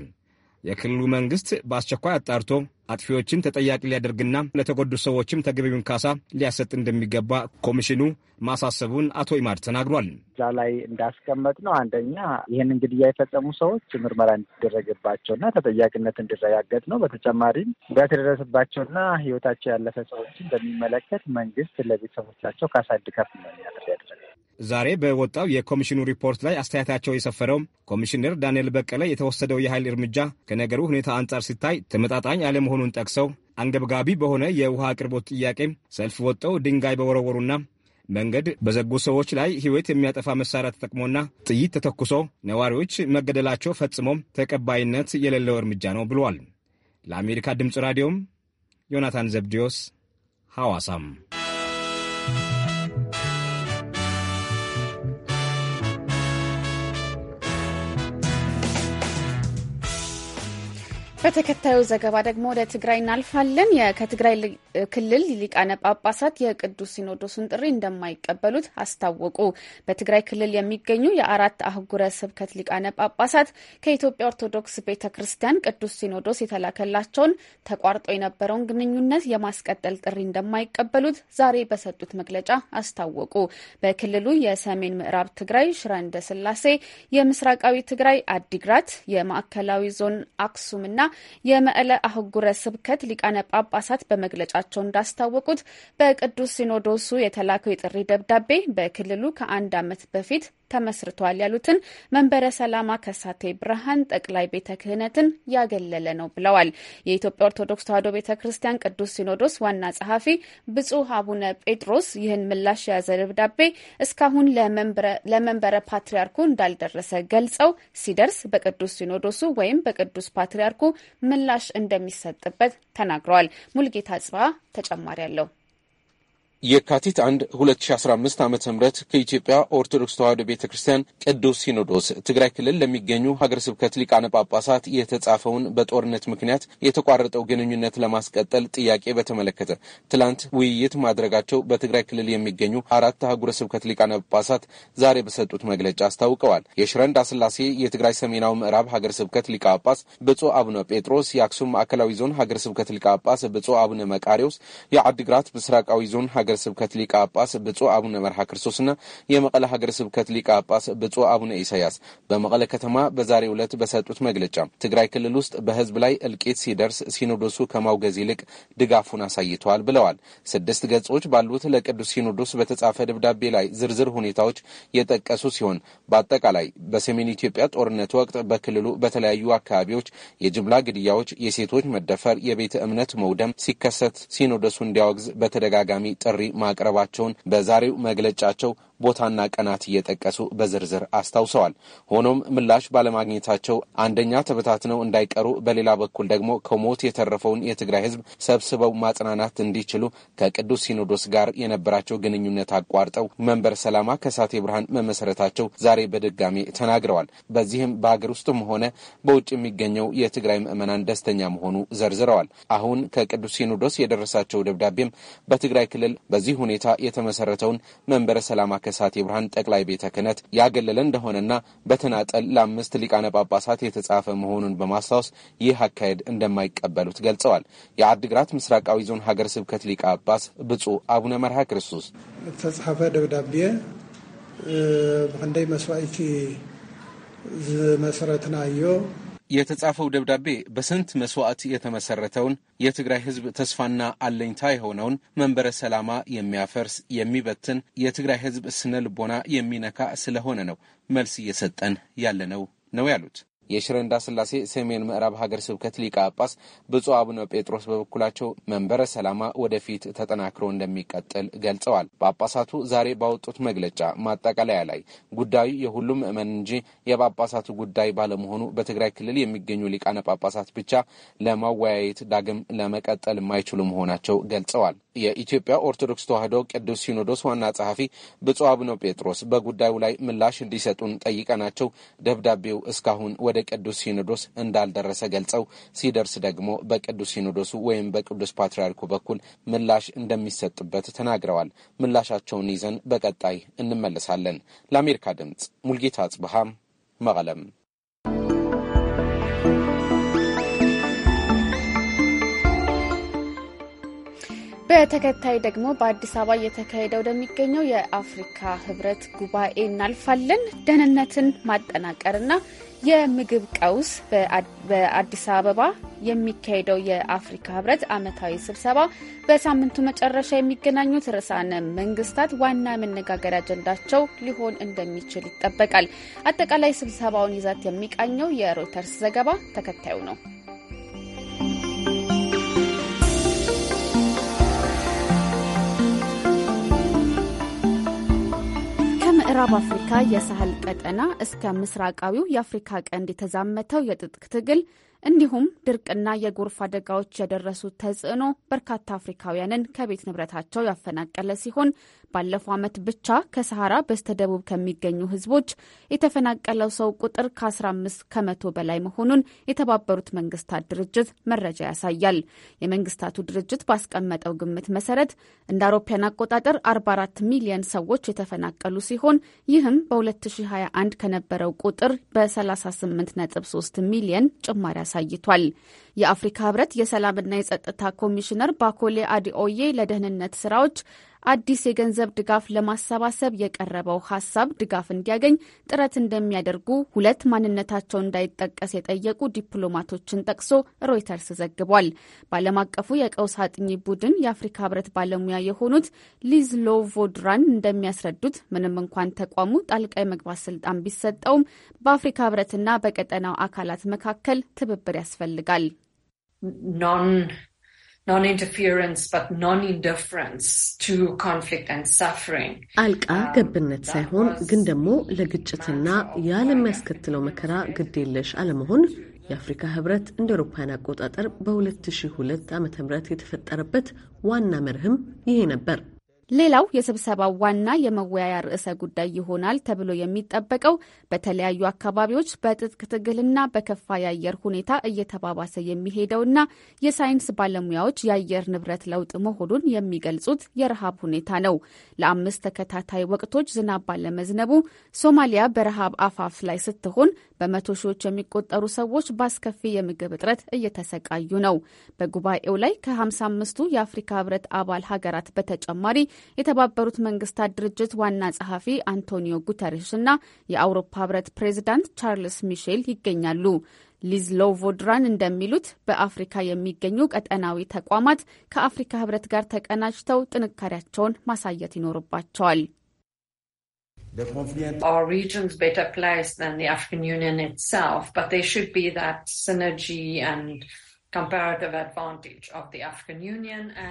የክልሉ መንግስት በአስቸኳይ አጣርቶ አጥፊዎችን ተጠያቂ ሊያደርግና ለተጎዱ ሰዎችም ተገቢውን ካሳ ሊያሰጥ እንደሚገባ ኮሚሽኑ ማሳሰቡን አቶ ይማድ ተናግሯል። እዛ ላይ እንዳስቀመጥ ነው አንደኛ ይህን ግድያ የፈጸሙ ሰዎች ምርመራ እንዲደረግባቸውና ተጠያቂነት እንዲረጋገጥ ነው። በተጨማሪም ጉዳት የደረሰባቸውና ሕይወታቸው ያለፈ ሰዎችን በሚመለከት መንግስት ለቤተሰቦቻቸው ካሳ እንዲከፍል ነው ያደረገ ዛሬ በወጣው የኮሚሽኑ ሪፖርት ላይ አስተያየታቸው የሰፈረው ኮሚሽነር ዳንኤል በቀለ የተወሰደው የኃይል እርምጃ ከነገሩ ሁኔታ አንጻር ሲታይ ተመጣጣኝ አለመሆኑን ጠቅሰው አንገብጋቢ በሆነ የውሃ አቅርቦት ጥያቄ ሰልፍ ወጥተው ድንጋይ በወረወሩና መንገድ በዘጉ ሰዎች ላይ ሕይወት የሚያጠፋ መሳሪያ ተጠቅሞና ጥይት ተተኩሶ ነዋሪዎች መገደላቸው ፈጽሞ ተቀባይነት የሌለው እርምጃ ነው ብሏል። ለአሜሪካ ድምፅ ራዲዮም ዮናታን ዘብዲዮስ ሐዋሳም በተከታዩ ዘገባ ደግሞ ወደ ትግራይ እናልፋለን። ከትግራይ ክልል ሊቃነ ጳጳሳት የቅዱስ ሲኖዶሱን ጥሪ እንደማይቀበሉት አስታወቁ። በትግራይ ክልል የሚገኙ የአራት አህጉረ ስብከት ሊቃነ ጳጳሳት ከኢትዮጵያ ኦርቶዶክስ ቤተ ክርስቲያን ቅዱስ ሲኖዶስ የተላከላቸውን ተቋርጦ የነበረውን ግንኙነት የማስቀጠል ጥሪ እንደማይቀበሉት ዛሬ በሰጡት መግለጫ አስታወቁ። በክልሉ የሰሜን ምዕራብ ትግራይ ሽረ እንደ ስላሴ፣ የምስራቃዊ ትግራይ አዲግራት፣ የማዕከላዊ ዞን አክሱም ና። የመዕለ አህጉረ ስብከት ሊቃነ ጳጳሳት በመግለጫቸው እንዳስታወቁት በቅዱስ ሲኖዶሱ የተላከው የጥሪ ደብዳቤ በክልሉ ከአንድ ዓመት በፊት ተመስርቷል ያሉትን መንበረ ሰላማ ከሳቴ ብርሃን ጠቅላይ ቤተ ክህነትን ያገለለ ነው ብለዋል። የኢትዮጵያ ኦርቶዶክስ ተዋሕዶ ቤተ ክርስቲያን ቅዱስ ሲኖዶስ ዋና ጸሐፊ ብፁዕ አቡነ ጴጥሮስ ይህን ምላሽ የያዘ ደብዳቤ እስካሁን ለመንበረ ፓትርያርኩ እንዳልደረሰ ገልጸው ሲደርስ በቅዱስ ሲኖዶሱ ወይም በቅዱስ ፓትርያርኩ ምላሽ እንደሚሰጥበት ተናግረዋል። ሙልጌታ ጽባ ተጨማሪ አለው። የካቲት 1 2015 ዓ ም ከኢትዮጵያ ኦርቶዶክስ ተዋሕዶ ቤተ ክርስቲያን ቅዱስ ሲኖዶስ ትግራይ ክልል ለሚገኙ ሀገረ ስብከት ሊቃነ ጳጳሳት የተጻፈውን በጦርነት ምክንያት የተቋረጠው ግንኙነት ለማስቀጠል ጥያቄ በተመለከተ ትላንት ውይይት ማድረጋቸው በትግራይ ክልል የሚገኙ አራት አህጉረ ስብከት ሊቃነ ጳጳሳት ዛሬ በሰጡት መግለጫ አስታውቀዋል። የሽረንዳ ስላሴ የትግራይ ሰሜናዊ ምዕራብ ሀገረ ስብከት ሊቀ ጳጳስ ብፁዕ አቡነ ጴጥሮስ፣ የአክሱም ማዕከላዊ ዞን ሀገረ ስብከት ሊቀ ጳጳስ ብፁዕ አቡነ መቃሪዎስ፣ የአዲግራት ምስራቃዊ ዞን ሀገረ ሀገረ ስብከት ሊቀ ጳጳስ ብፁዕ አቡነ መርሃ ክርስቶስና የመቀለ ሀገረ ስብከት ሊቀ ጳጳስ ብፁዕ አቡነ ኢሳያስ በመቀለ ከተማ በዛሬው ዕለት በሰጡት መግለጫ ትግራይ ክልል ውስጥ በህዝብ ላይ እልቂት ሲደርስ ሲኖዶሱ ከማውገዝ ይልቅ ድጋፉን አሳይተዋል ብለዋል። ስድስት ገጾች ባሉት ለቅዱስ ሲኖዶስ በተጻፈ ደብዳቤ ላይ ዝርዝር ሁኔታዎች የጠቀሱ ሲሆን በአጠቃላይ በሰሜን ኢትዮጵያ ጦርነት ወቅት በክልሉ በተለያዩ አካባቢዎች የጅምላ ግድያዎች፣ የሴቶች መደፈር፣ የቤተ እምነት መውደም ሲከሰት ሲኖዶሱ እንዲያወግዝ በተደጋጋሚ ጥሪ ጥሪ ማቅረባቸውን በዛሬው መግለጫቸው ቦታና ቀናት እየጠቀሱ በዝርዝር አስታውሰዋል። ሆኖም ምላሽ ባለማግኘታቸው አንደኛ ተበታትነው እንዳይቀሩ፣ በሌላ በኩል ደግሞ ከሞት የተረፈውን የትግራይ ህዝብ ሰብስበው ማጽናናት እንዲችሉ ከቅዱስ ሲኖዶስ ጋር የነበራቸው ግንኙነት አቋርጠው መንበር ሰላማ ከሳቴ ብርሃን መመሰረታቸው ዛሬ በድጋሚ ተናግረዋል። በዚህም በሀገር ውስጥም ሆነ በውጭ የሚገኘው የትግራይ ምዕመናን ደስተኛ መሆኑ ዘርዝረዋል። አሁን ከቅዱስ ሲኖዶስ የደረሳቸው ደብዳቤም በትግራይ ክልል በዚህ ሁኔታ የተመሰረተውን መንበረ ሰላማ ከሳቴ ብርሃን ጠቅላይ ቤተ ክህነት ያገለለ እንደሆነና በተናጠል ለአምስት ሊቃነ ጳጳሳት የተጻፈ መሆኑን በማስታወስ ይህ አካሄድ እንደማይቀበሉት ገልጸዋል። የአድግራት ምስራቃዊ ዞን ሀገር ስብከት ሊቀ ጳጳስ ብፁዕ አቡነ መርሃ ክርስቶስ ተጻፈ ደብዳቤ ብክንደይ መስዋእቲ ዝመስረትናዮ የተጻፈው ደብዳቤ በስንት መስዋዕት የተመሰረተውን የትግራይ ህዝብ ተስፋና አለኝታ የሆነውን መንበረ ሰላማ የሚያፈርስ የሚበትን፣ የትግራይ ህዝብ ስነ ልቦና የሚነካ ስለሆነ ነው መልስ እየሰጠን ያለ ነው ነው ያሉት የሽረ እንዳስላሴ ሰሜን ምዕራብ ሀገር ስብከት ሊቀ ጳጳስ ብፁዕ አቡነ ጴጥሮስ በበኩላቸው መንበረ ሰላማ ወደፊት ተጠናክሮ እንደሚቀጥል ገልጸዋል። ጳጳሳቱ ዛሬ ባወጡት መግለጫ ማጠቃለያ ላይ ጉዳዩ የሁሉም ምእመን እንጂ የጳጳሳቱ ጉዳይ ባለመሆኑ በትግራይ ክልል የሚገኙ ሊቃነ ጳጳሳት ብቻ ለማወያየት ዳግም ለመቀጠል የማይችሉ መሆናቸው ገልጸዋል። የኢትዮጵያ ኦርቶዶክስ ተዋሕዶ ቅዱስ ሲኖዶስ ዋና ጸሐፊ ብፁዕ አቡነ ጴጥሮስ በጉዳዩ ላይ ምላሽ እንዲሰጡን ጠይቀናቸው ደብዳቤው እስካሁን ወደ ወደ ቅዱስ ሲኖዶስ እንዳልደረሰ ገልጸው ሲደርስ ደግሞ በቅዱስ ሲኖዶሱ ወይም በቅዱስ ፓትርያርኩ በኩል ምላሽ እንደሚሰጥበት ተናግረዋል። ምላሻቸውን ይዘን በቀጣይ እንመለሳለን። ለአሜሪካ ድምጽ ሙልጌታ አጽብሃም መቀለም በተከታይ ደግሞ በአዲስ አበባ እየተካሄደ ወደሚገኘው የአፍሪካ ህብረት ጉባኤ እናልፋለን። ደህንነትን ማጠናቀርና የምግብ ቀውስ በአዲስ አበባ የሚካሄደው የአፍሪካ ህብረት አመታዊ ስብሰባ በሳምንቱ መጨረሻ የሚገናኙት ርዕሳነ መንግስታት ዋና መነጋገር አጀንዳቸው ሊሆን እንደሚችል ይጠበቃል። አጠቃላይ ስብሰባውን ይዘት የሚቃኘው የሮይተርስ ዘገባ ተከታዩ ነው። ከምዕራብ አፍሪካ የሳህል ቀጠና እስከ ምስራቃዊው የአፍሪካ ቀንድ የተዛመተው የትጥቅ ትግል እንዲሁም ድርቅና የጎርፍ አደጋዎች የደረሱት ተጽዕኖ በርካታ አፍሪካውያንን ከቤት ንብረታቸው ያፈናቀለ ሲሆን ባለፈው ዓመት ብቻ ከሰሐራ በስተደቡብ ከሚገኙ ህዝቦች የተፈናቀለው ሰው ቁጥር ከ15 ከመቶ በላይ መሆኑን የተባበሩት መንግስታት ድርጅት መረጃ ያሳያል። የመንግስታቱ ድርጅት ባስቀመጠው ግምት መሰረት እንደ አውሮፓውያን አቆጣጠር 44 ሚሊዮን ሰዎች የተፈናቀሉ ሲሆን ይህም በ2021 ከነበረው ቁጥር በ38.3 ሚሊዮን ጭማሪ አሳይቷል። የአፍሪካ ህብረት የሰላምና የጸጥታ ኮሚሽነር ባኮሌ አዲኦዬ ለደህንነት ስራዎች አዲስ የገንዘብ ድጋፍ ለማሰባሰብ የቀረበው ሀሳብ ድጋፍ እንዲያገኝ ጥረት እንደሚያደርጉ ሁለት ማንነታቸው እንዳይጠቀስ የጠየቁ ዲፕሎማቶችን ጠቅሶ ሮይተርስ ዘግቧል። በዓለም አቀፉ የቀውስ አጥኚ ቡድን የአፍሪካ ህብረት ባለሙያ የሆኑት ሊዝ ሎቮድራን እንደሚያስረዱት ምንም እንኳን ተቋሙ ጣልቃ የመግባት ስልጣን ቢሰጠውም በአፍሪካ ህብረትና በቀጠናው አካላት መካከል ትብብር ያስፈልጋል። አልቃ um, ገብነት ሳይሆን ግን ደግሞ ለግጭትና ያ ለሚያስከትለው መከራ ግድ የለሽ አለመሆን የአፍሪካ ህብረት እንደ አውሮፓውያን አቆጣጠር በ2002 ም የተፈጠረበት ዋና መርህም ይሄ ነበር። ሌላው የስብሰባው ዋና የመወያያ ርዕሰ ጉዳይ ይሆናል ተብሎ የሚጠበቀው በተለያዩ አካባቢዎች በትጥቅ ትግልና በከፋ የአየር ሁኔታ እየተባባሰ የሚሄደውና የሳይንስ ባለሙያዎች የአየር ንብረት ለውጥ መሆኑን የሚገልጹት የረሃብ ሁኔታ ነው። ለአምስት ተከታታይ ወቅቶች ዝናብ ባለመዝነቡ ሶማሊያ በረሃብ አፋፍ ላይ ስትሆን በመቶ ሺዎች የሚቆጠሩ ሰዎች በአስከፊ የምግብ እጥረት እየተሰቃዩ ነው። በጉባኤው ላይ ከ55ቱ የአፍሪካ ህብረት አባል ሀገራት በተጨማሪ የተባበሩት መንግስታት ድርጅት ዋና ጸሐፊ አንቶኒዮ ጉተሬሽ እና የአውሮፓ ህብረት ፕሬዚዳንት ቻርልስ ሚሼል ይገኛሉ። ሊዝ ሎቮድራን እንደሚሉት በአፍሪካ የሚገኙ ቀጠናዊ ተቋማት ከአፍሪካ ህብረት ጋር ተቀናጅተው ጥንካሬያቸውን ማሳየት ይኖርባቸዋል።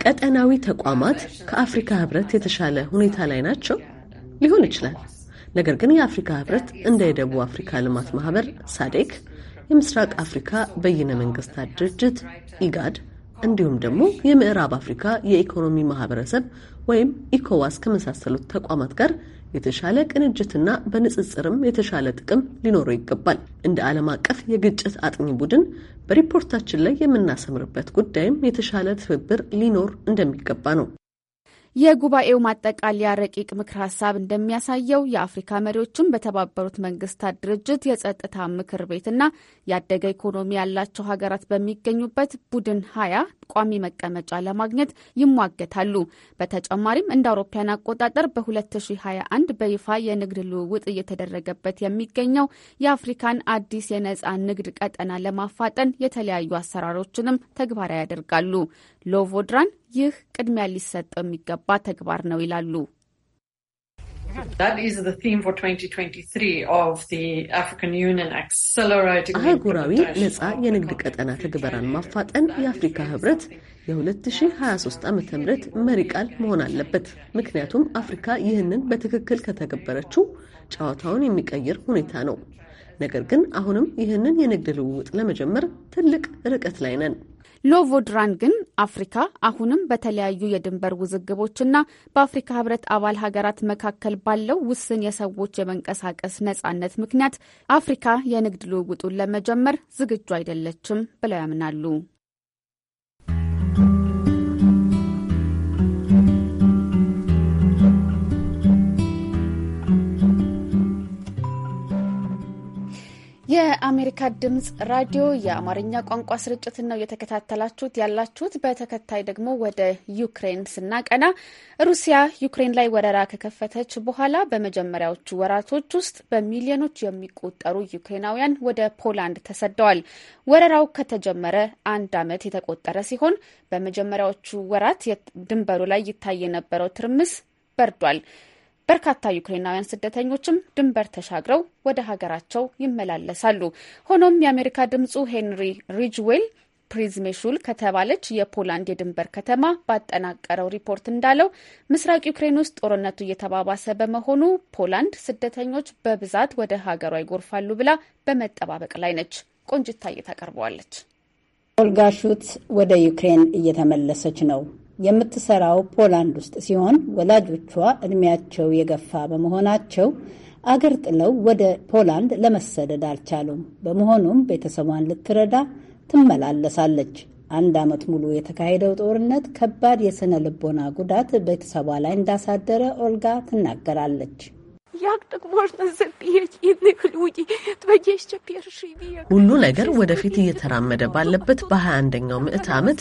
ቀጠናዊ ተቋማት ከአፍሪካ ህብረት የተሻለ ሁኔታ ላይ ናቸው? ሊሆን ይችላል። ነገር ግን የአፍሪካ ህብረት እንደ የደቡብ አፍሪካ ልማት ማህበር ሳዴክ፣ የምስራቅ አፍሪካ በይነ መንግስታት ድርጅት ኢጋድ እንዲሁም ደግሞ የምዕራብ አፍሪካ የኢኮኖሚ ማህበረሰብ ወይም ኢኮዋስ ከመሳሰሉት ተቋማት ጋር የተሻለ ቅንጅትና በንጽጽርም የተሻለ ጥቅም ሊኖረው ይገባል። እንደ ዓለም አቀፍ የግጭት አጥኚ ቡድን በሪፖርታችን ላይ የምናሰምርበት ጉዳይም የተሻለ ትብብር ሊኖር እንደሚገባ ነው። የጉባኤው ማጠቃለያ ረቂቅ ምክር ሀሳብ እንደሚያሳየው የአፍሪካ መሪዎችም በተባበሩት መንግስታት ድርጅት የጸጥታ ምክር ቤትና ያደገ ኢኮኖሚ ያላቸው ሀገራት በሚገኙበት ቡድን ሀያ ቋሚ መቀመጫ ለማግኘት ይሟገታሉ። በተጨማሪም እንደ አውሮፓያን አቆጣጠር በ2021 በይፋ የንግድ ልውውጥ እየተደረገበት የሚገኘው የአፍሪካን አዲስ የነፃ ንግድ ቀጠና ለማፋጠን የተለያዩ አሰራሮችንም ተግባራዊ ያደርጋሉ። ሎቮድራን ይህ ቅድሚያ ሊሰጠው የሚገባ ተግባር ነው ይላሉ። አህጉራዊ ነጻ የንግድ ቀጠና ትግበራን ማፋጠን የአፍሪካ ህብረት የ2023 ዓ ም መሪ ቃል መሆን አለበት። ምክንያቱም አፍሪካ ይህንን በትክክል ከተገበረችው ጨዋታውን የሚቀይር ሁኔታ ነው። ነገር ግን አሁንም ይህንን የንግድ ልውውጥ ለመጀመር ትልቅ ርቀት ላይ ነን። ሎቮድራን ግን አፍሪካ አሁንም በተለያዩ የድንበር ውዝግቦችና በአፍሪካ ህብረት አባል ሀገራት መካከል ባለው ውስን የሰዎች የመንቀሳቀስ ነጻነት ምክንያት አፍሪካ የንግድ ልውውጡን ለመጀመር ዝግጁ አይደለችም ብለው ያምናሉ። የአሜሪካ ድምፅ ራዲዮ የአማርኛ ቋንቋ ስርጭትን ነው እየተከታተላችሁት ያላችሁት። በተከታይ ደግሞ ወደ ዩክሬን ስናቀና ሩሲያ ዩክሬን ላይ ወረራ ከከፈተች በኋላ በመጀመሪያዎቹ ወራቶች ውስጥ በሚሊዮኖች የሚቆጠሩ ዩክሬናውያን ወደ ፖላንድ ተሰደዋል። ወረራው ከተጀመረ አንድ ዓመት የተቆጠረ ሲሆን በመጀመሪያዎቹ ወራት ድንበሩ ላይ ይታይ የነበረው ትርምስ በርዷል። በርካታ ዩክሬናውያን ስደተኞችም ድንበር ተሻግረው ወደ ሀገራቸው ይመላለሳሉ። ሆኖም የአሜሪካ ድምጹ ሄንሪ ሪጅዌል ፕሪዝሜሹል ከተባለች የፖላንድ የድንበር ከተማ ባጠናቀረው ሪፖርት እንዳለው ምስራቅ ዩክሬን ውስጥ ጦርነቱ እየተባባሰ በመሆኑ ፖላንድ ስደተኞች በብዛት ወደ ሀገሯ ይጎርፋሉ ብላ በመጠባበቅ ላይ ነች። ቆንጅታ እየታቀርበዋለች። ኦልጋ ሹት ወደ ዩክሬን እየተመለሰች ነው። የምትሰራው ፖላንድ ውስጥ ሲሆን ወላጆቿ እድሜያቸው የገፋ በመሆናቸው አገር ጥለው ወደ ፖላንድ ለመሰደድ አልቻሉም። በመሆኑም ቤተሰቧን ልትረዳ ትመላለሳለች። አንድ ዓመት ሙሉ የተካሄደው ጦርነት ከባድ የሥነ ልቦና ጉዳት ቤተሰቧ ላይ እንዳሳደረ ኦልጋ ትናገራለች። Як так ሁሉ ነገር ወደፊት እየተራመደ ባለበት በ21ኛው ምዕት ዓመት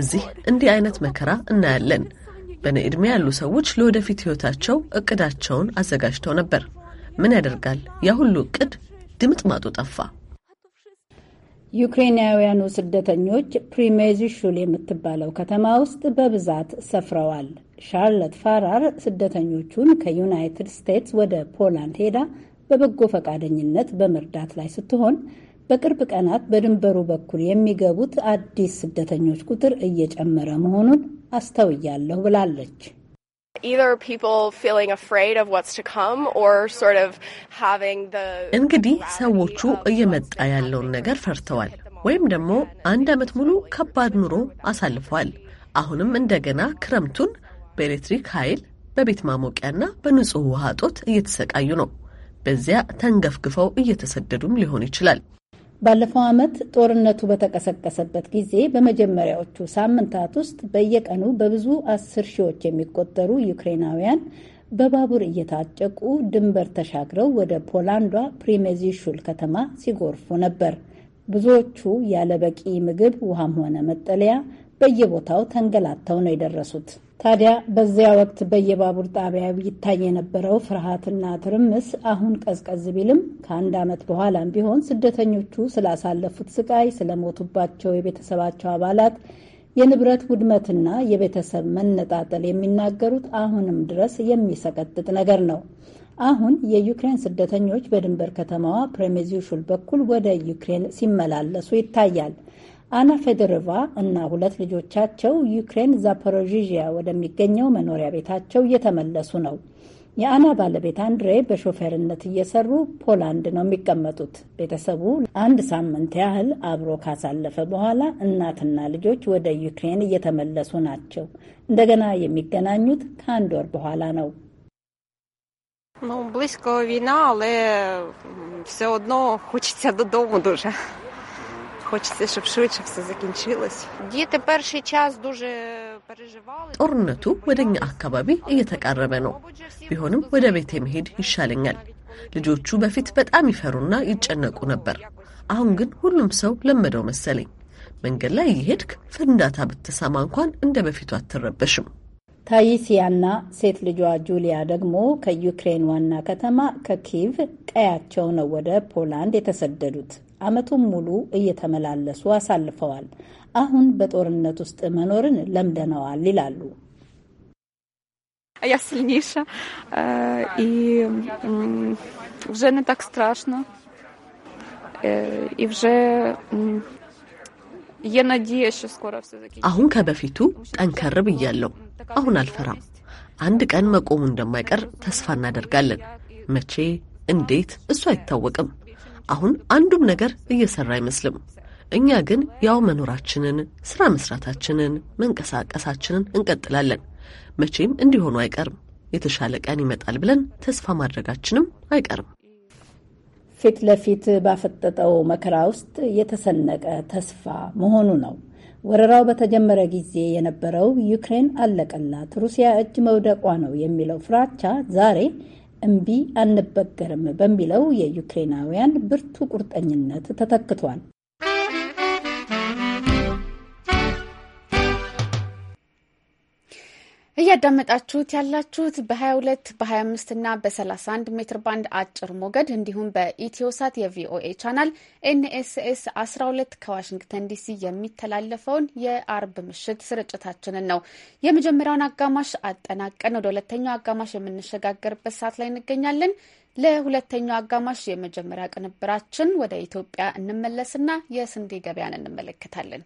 እዚህ እንዲህ አይነት መከራ እናያለን። በእኔ ዕድሜ ያሉ ሰዎች ለወደፊት ሕይወታቸው እቅዳቸውን አዘጋጅተው ነበር። ምን ያደርጋል ያ ሁሉ እቅድ ድምጥማጡ ጠፋ። ዩክሬናውያኑ ስደተኞች ፕሪሜዚሹል የምትባለው ከተማ ውስጥ በብዛት ሰፍረዋል። ሻርለት ፋራር ስደተኞቹን ከዩናይትድ ስቴትስ ወደ ፖላንድ ሄዳ በበጎ ፈቃደኝነት በመርዳት ላይ ስትሆን በቅርብ ቀናት በድንበሩ በኩል የሚገቡት አዲስ ስደተኞች ቁጥር እየጨመረ መሆኑን አስተውያለሁ ብላለች። እንግዲህ ሰዎቹ እየመጣ ያለውን ነገር ፈርተዋል፣ ወይም ደግሞ አንድ ዓመት ሙሉ ከባድ ኑሮ አሳልፏል። አሁንም እንደገና ክረምቱን በኤሌክትሪክ ኃይል፣ በቤት ማሞቂያና በንጹህ ውሃ እጦት እየተሰቃዩ ነው። በዚያ ተንገፍግፈው እየተሰደዱም ሊሆን ይችላል። ባለፈው ዓመት ጦርነቱ በተቀሰቀሰበት ጊዜ በመጀመሪያዎቹ ሳምንታት ውስጥ በየቀኑ በብዙ አስር ሺዎች የሚቆጠሩ ዩክሬናውያን በባቡር እየታጨቁ ድንበር ተሻግረው ወደ ፖላንዷ ፕሪሜዚሹል ከተማ ሲጎርፉ ነበር። ብዙዎቹ ያለ በቂ ምግብ ውሃም ሆነ መጠለያ በየቦታው ተንገላተው ነው የደረሱት። ታዲያ በዚያ ወቅት በየባቡር ጣቢያው ይታይ የነበረው ፍርሃትና ትርምስ አሁን ቀዝቀዝ ቢልም ከአንድ ዓመት በኋላም ቢሆን ስደተኞቹ ስላሳለፉት ስቃይ፣ ስለሞቱባቸው የቤተሰባቸው አባላት የንብረት ውድመትና የቤተሰብ መነጣጠል የሚናገሩት አሁንም ድረስ የሚሰቀጥጥ ነገር ነው። አሁን የዩክሬን ስደተኞች በድንበር ከተማዋ ፕሬሜዚሹል በኩል ወደ ዩክሬን ሲመላለሱ ይታያል። አና ፌዴሮቫ እና ሁለት ልጆቻቸው ዩክሬን ዛፖሮዥያ ወደሚገኘው መኖሪያ ቤታቸው እየተመለሱ ነው። የአና ባለቤት አንድሬ በሾፌርነት እየሰሩ ፖላንድ ነው የሚቀመጡት። ቤተሰቡ አንድ ሳምንት ያህል አብሮ ካሳለፈ በኋላ እናትና ልጆች ወደ ዩክሬን እየተመለሱ ናቸው። እንደገና የሚገናኙት ከአንድ ወር በኋላ ነው። Ну, ቪና ለ але все ዶሙ хочеться хочеться, щоб швидше все закінчилось. Діти перший час дуже переживали. ጦርነቱ ወደኛ አካባቢ እየተቃረበ ነው። ቢሆንም ወደ ቤቴ መሄድ ይሻለኛል። ልጆቹ በፊት በጣም ይፈሩና ይጨነቁ ነበር። አሁን ግን ሁሉም ሰው ለመደው መሰለኝ። መንገድ ላይ እየሄድክ ፍንዳታ ብትሰማ እንኳን እንደ በፊቱ አትረበሽም። ታይሲያና ሴት ልጇ ጁሊያ ደግሞ ከዩክሬን ዋና ከተማ ከኪቭ ቀያቸው ነው ወደ ፖላንድ የተሰደዱት። ዓመቱን ሙሉ እየተመላለሱ አሳልፈዋል። አሁን በጦርነት ውስጥ መኖርን ለምደነዋል ይላሉ። አሁን ከበፊቱ ጠንከር ብያለሁ። አሁን አልፈራም። አንድ ቀን መቆሙ እንደማይቀር ተስፋ እናደርጋለን። መቼ፣ እንዴት እሱ አይታወቅም። አሁን አንዱም ነገር እየሰራ አይመስልም። እኛ ግን ያው መኖራችንን፣ ስራ መስራታችንን፣ መንቀሳቀሳችንን እንቀጥላለን። መቼም እንዲሆኑ አይቀርም። የተሻለ ቀን ይመጣል ብለን ተስፋ ማድረጋችንም አይቀርም። ፊት ለፊት ባፈጠጠው መከራ ውስጥ የተሰነቀ ተስፋ መሆኑ ነው። ወረራው በተጀመረ ጊዜ የነበረው ዩክሬን አለቀላት፣ ሩሲያ እጅ መውደቋ ነው የሚለው ፍራቻ ዛሬ እምቢ አንበገርም በሚለው የዩክሬናውያን ብርቱ ቁርጠኝነት ተተክቷል። እያዳመጣችሁት ያላችሁት በ22 በ25 እና በ31 ሜትር ባንድ አጭር ሞገድ እንዲሁም በኢትዮሳት የቪኦኤ ቻናል ኤንኤስኤስ 12 ከዋሽንግተን ዲሲ የሚተላለፈውን የአርብ ምሽት ስርጭታችንን ነው። የመጀመሪያውን አጋማሽ አጠናቀን ወደ ሁለተኛው አጋማሽ የምንሸጋገርበት ሰዓት ላይ እንገኛለን። ለሁለተኛው አጋማሽ የመጀመሪያ ቅንብራችን ወደ ኢትዮጵያ እንመለስና የስንዴ ገበያን እንመለከታለን።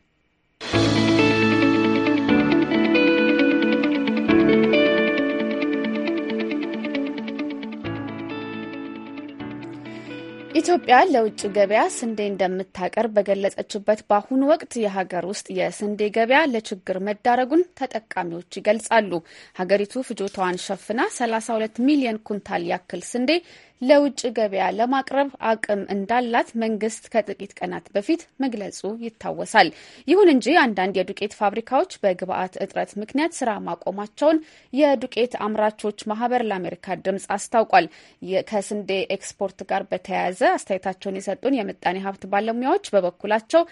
ኢትዮጵያ ለውጭ ገበያ ስንዴ እንደምታቀርብ በገለጸችበት በአሁኑ ወቅት የሀገር ውስጥ የስንዴ ገበያ ለችግር መዳረጉን ተጠቃሚዎች ይገልጻሉ። ሀገሪቱ ፍጆታዋን ሸፍና 32 ሚሊዮን ኩንታል ያክል ስንዴ ለውጭ ገበያ ለማቅረብ አቅም እንዳላት መንግስት ከጥቂት ቀናት በፊት መግለጹ ይታወሳል። ይሁን እንጂ አንዳንድ የዱቄት ፋብሪካዎች በግብአት እጥረት ምክንያት ስራ ማቆማቸውን የዱቄት አምራቾች ማህበር ለአሜሪካ ድምጽ አስታውቋል። ከስንዴ ኤክስፖርት ጋር በተያያዘ አስተያየታቸውን የሰጡን የምጣኔ ሀብት ባለሙያዎች በበኩላቸው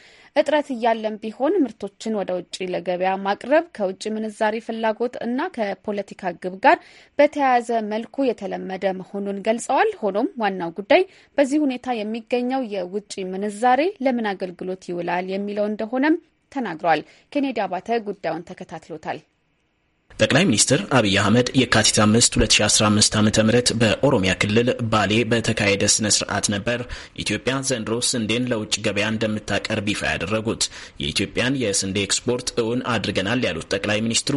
እጥረት እያለን ቢሆን ምርቶችን ወደ ውጭ ለገበያ ማቅረብ ከውጭ ምንዛሪ ፍላጎት እና ከፖለቲካ ግብ ጋር በተያያዘ መልኩ የተለመደ መሆኑን ገልጸዋል። ሆኖም ዋናው ጉዳይ በዚህ ሁኔታ የሚገኘው የውጭ ምንዛሬ ለምን አገልግሎት ይውላል የሚለው እንደሆነም ተናግረዋል። ኬኔዲ አባተ ጉዳዩን ተከታትሎታል። ጠቅላይ ሚኒስትር አብይ አህመድ የካቲት 5 2015 ዓ ም በኦሮሚያ ክልል ባሌ በተካሄደ ስነ ስርዓት ነበር ኢትዮጵያ ዘንድሮ ስንዴን ለውጭ ገበያ እንደምታቀርብ ይፋ ያደረጉት። የኢትዮጵያን የስንዴ ኤክስፖርት እውን አድርገናል ያሉት ጠቅላይ ሚኒስትሩ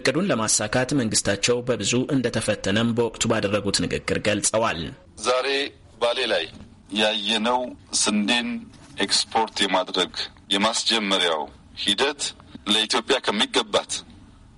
እቅዱን ለማሳካት መንግስታቸው በብዙ እንደተፈተነም በወቅቱ ባደረጉት ንግግር ገልጸዋል። ዛሬ ባሌ ላይ ያየነው ስንዴን ኤክስፖርት የማድረግ የማስጀመሪያው ሂደት ለኢትዮጵያ ከሚገባት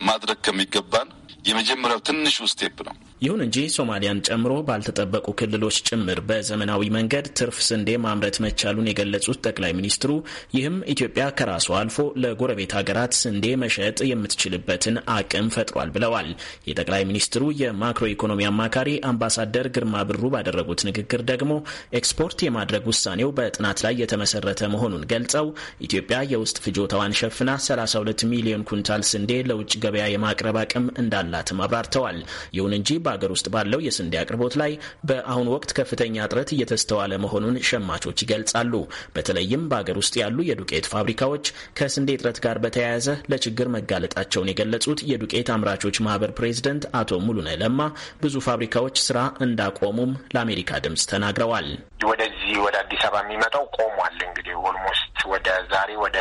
ማድረግ ከሚገባን የመጀመሪያው ትንሹ ስቴፕ ነው። ይሁን እንጂ ሶማሊያን ጨምሮ ባልተጠበቁ ክልሎች ጭምር በዘመናዊ መንገድ ትርፍ ስንዴ ማምረት መቻሉን የገለጹት ጠቅላይ ሚኒስትሩ ይህም ኢትዮጵያ ከራሷ አልፎ ለጎረቤት ሀገራት ስንዴ መሸጥ የምትችልበትን አቅም ፈጥሯል ብለዋል። የጠቅላይ ሚኒስትሩ የማክሮ ኢኮኖሚ አማካሪ አምባሳደር ግርማ ብሩ ባደረጉት ንግግር ደግሞ ኤክስፖርት የማድረግ ውሳኔው በጥናት ላይ የተመሰረተ መሆኑን ገልጸው ኢትዮጵያ የውስጥ ፍጆታዋን ሸፍና 32 ሚሊዮን ኩንታል ስንዴ ለውጭ ገበያ የማቅረብ አቅም እንዳላትም አብራርተዋል። ይሁን እንጂ በአገር ውስጥ ባለው የስንዴ አቅርቦት ላይ በአሁኑ ወቅት ከፍተኛ እጥረት እየተስተዋለ መሆኑን ሸማቾች ይገልጻሉ። በተለይም በአገር ውስጥ ያሉ የዱቄት ፋብሪካዎች ከስንዴ እጥረት ጋር በተያያዘ ለችግር መጋለጣቸውን የገለጹት የዱቄት አምራቾች ማህበር ፕሬዝደንት አቶ ሙሉነ ለማ ብዙ ፋብሪካዎች ስራ እንዳቆሙም ለአሜሪካ ድምጽ ተናግረዋል። ወደዚህ ወደ አዲስ አበባ የሚመጣው ቆሟል። እንግዲህ ኦልሞስት ወደ ዛሬ ወደ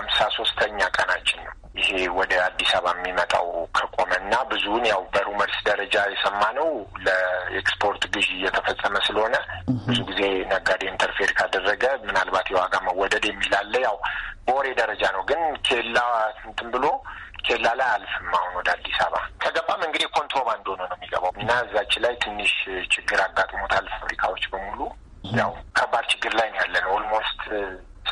አምሳ ሶስተኛ ቀናችን ነው። ይሄ ወደ አዲስ አበባ የሚመጣው ከቆመና ብዙውን ያው በሩመርስ ደረጃ የሰማነው ለኤክስፖርት ግዢ እየተፈጸመ ስለሆነ ብዙ ጊዜ ነጋዴ ኢንተርፌር ካደረገ ምናልባት የዋጋ መወደድ የሚላለ ያው በወሬ ደረጃ ነው። ግን ኬላ እንትን ብሎ ኬላ ላይ አልፍም። አሁን ወደ አዲስ አበባ ከገባም እንግዲህ ኮንትሮባንድ ሆኖ ነው የሚገባው እና እዛች ላይ ትንሽ ችግር አጋጥሞታል። ፋብሪካዎች በሙሉ ያው ከባድ ችግር ላይ ነው ያለ ነው። ኦልሞስት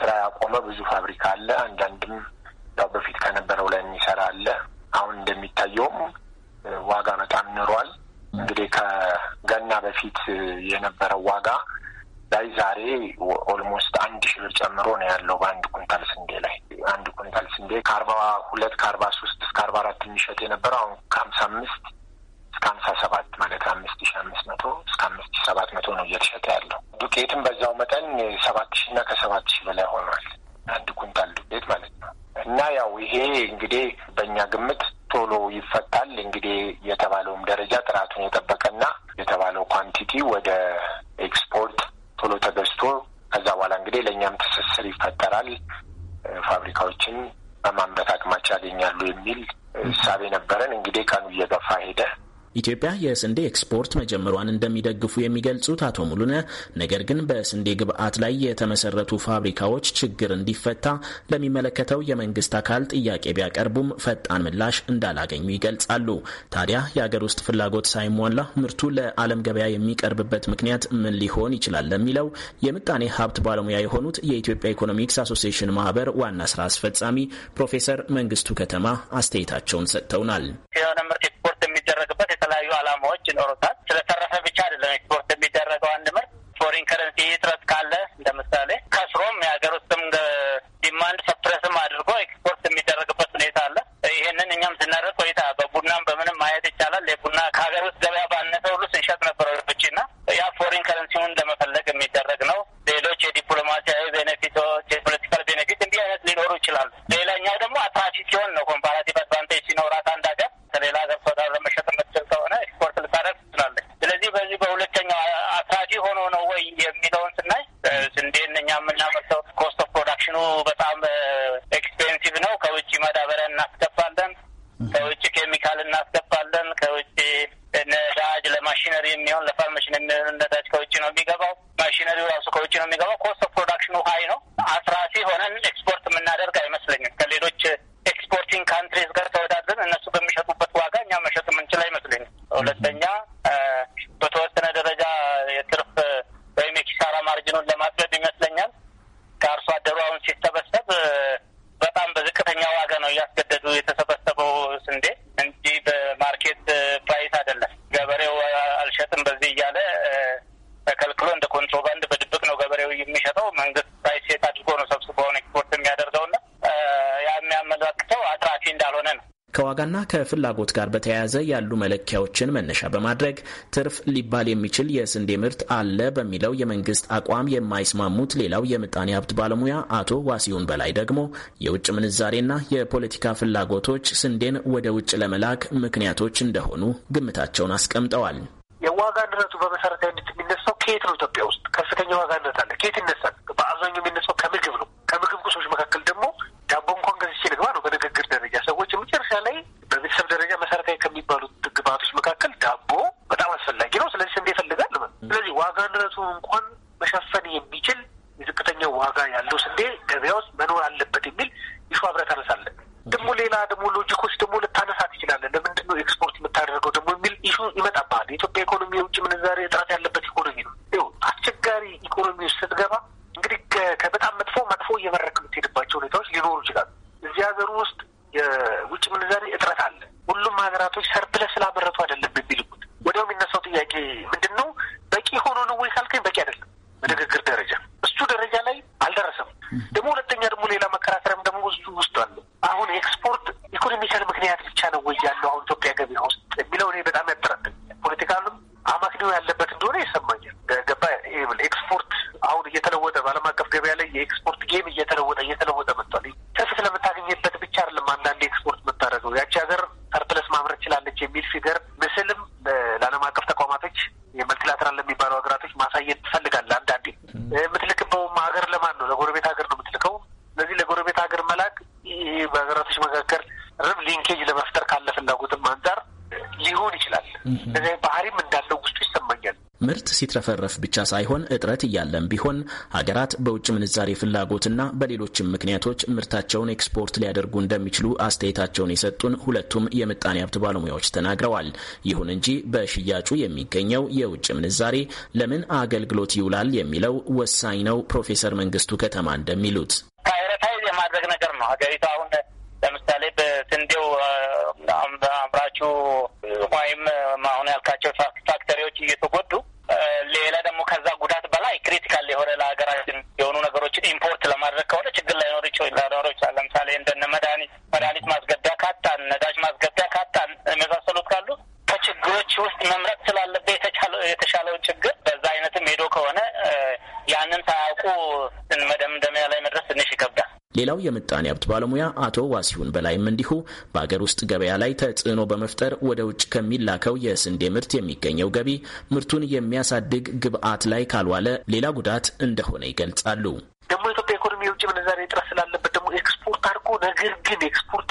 ስራ ያቆመ ብዙ ፋብሪካ አለ። አንዳንድም ያው በፊት ከነበረው ላይ የሚሰራ አለ። አሁን እንደሚታየውም ዋጋ በጣም ኑሯል። እንግዲህ ከገና በፊት የነበረው ዋጋ ላይ ዛሬ ኦልሞስት አንድ ሺህ ብር ጨምሮ ነው ያለው በአንድ ኩንታል ስንዴ ላይ። አንድ ኩንታል ስንዴ ከአርባ ሁለት ከአርባ ሶስት እስከ አርባ አራት የሚሸጥ የነበረው አሁን ከሀምሳ አምስት እስከ ሀምሳ ሰባት ማለት አምስት ሺ አምስት መቶ እስከ አምስት ሺ ሰባት መቶ ነው እየተሸጠ ያለው። ዱቄትም በዛው መጠን ሰባት ሺ እና ከሰባት ሺ በላይ ሆኗል። አንድ ኩንታል ዱቄት ማለት ነው። እና ያው ይሄ እንግዲህ በእኛ ግምት ቶሎ ይፈታል እንግዲህ የተባለውም ደረጃ ጥራቱን የጠበቀና የተባለው ኳንቲቲ ወደ ኤክስፖርት ቶሎ ተገዝቶ ከዛ በኋላ እንግዲህ ለእኛም ትስስር ይፈጠራል፣ ፋብሪካዎችን በማምረት አቅማቸው ያገኛሉ የሚል እሳቤ ነበረን። እንግዲህ ቀኑ እየገፋ ሄደ። ኢትዮጵያ የስንዴ ኤክስፖርት መጀመሯን እንደሚደግፉ የሚገልጹት አቶ ሙሉነ ነገር ግን በስንዴ ግብዓት ላይ የተመሰረቱ ፋብሪካዎች ችግር እንዲፈታ ለሚመለከተው የመንግስት አካል ጥያቄ ቢያቀርቡም ፈጣን ምላሽ እንዳላገኙ ይገልጻሉ። ታዲያ የአገር ውስጥ ፍላጎት ሳይሟላ ምርቱ ለዓለም ገበያ የሚቀርብበት ምክንያት ምን ሊሆን ይችላል ለሚለው የምጣኔ ሀብት ባለሙያ የሆኑት የኢትዮጵያ ኢኮኖሚክስ አሶሲሽን ማህበር ዋና ስራ አስፈጻሚ ፕሮፌሰር መንግስቱ ከተማ አስተያየታቸውን ሰጥተውናል። ፍላጎት ጋር በተያያዘ ያሉ መለኪያዎችን መነሻ በማድረግ ትርፍ ሊባል የሚችል የስንዴ ምርት አለ በሚለው የመንግስት አቋም የማይስማሙት ሌላው የምጣኔ ሀብት ባለሙያ አቶ ዋሲሁን በላይ ደግሞ የውጭ ምንዛሬና የፖለቲካ ፍላጎቶች ስንዴን ወደ ውጭ ለመላክ ምክንያቶች እንደሆኑ ግምታቸውን አስቀምጠዋል። የዋጋ ንረቱ በመሰረታዊነት የሚነሳው ከየት ነው? ኢትዮጵያ ውስጥ ከፍተኛ ዋጋ ንረት አለ። ከየት ይነሳል? በአብዛኛው የሚነሳው ከምግብ ማትረፈረፍ ብቻ ሳይሆን እጥረት እያለም ቢሆን ሀገራት በውጭ ምንዛሬ ፍላጎትና በሌሎችም ምክንያቶች ምርታቸውን ኤክስፖርት ሊያደርጉ እንደሚችሉ አስተያየታቸውን የሰጡን ሁለቱም የምጣኔ ሀብት ባለሙያዎች ተናግረዋል። ይሁን እንጂ በሽያጩ የሚገኘው የውጭ ምንዛሬ ለምን አገልግሎት ይውላል የሚለው ወሳኝ ነው። ፕሮፌሰር መንግስቱ ከተማ እንደሚሉት ፕራዮሪታይዝ የማድረግ ነገር ነው። ሀገሪቱ አሁን የሆነ ለሀገራችን የሆኑ ነገሮችን ኢምፖርት ለማድረግ ከሆነ ችግር ላይኖር ይችላል። ለምሳሌ እንደነ መድኃኒት መድኃኒት ማስ ሌላው የምጣኔ ሀብት ባለሙያ አቶ ዋሲሁን በላይም እንዲሁ በአገር ውስጥ ገበያ ላይ ተጽዕኖ በመፍጠር ወደ ውጭ ከሚላከው የስንዴ ምርት የሚገኘው ገቢ ምርቱን የሚያሳድግ ግብዓት ላይ ካልዋለ ሌላ ጉዳት እንደሆነ ይገልጻሉ። ደግሞ ኢትዮጵያ ኢኮኖሚ የውጭ ምንዛሬ እጥረት ስላለበት ደግሞ ኤክስፖርት አድርጎ ነገር ግን ኤክስፖርት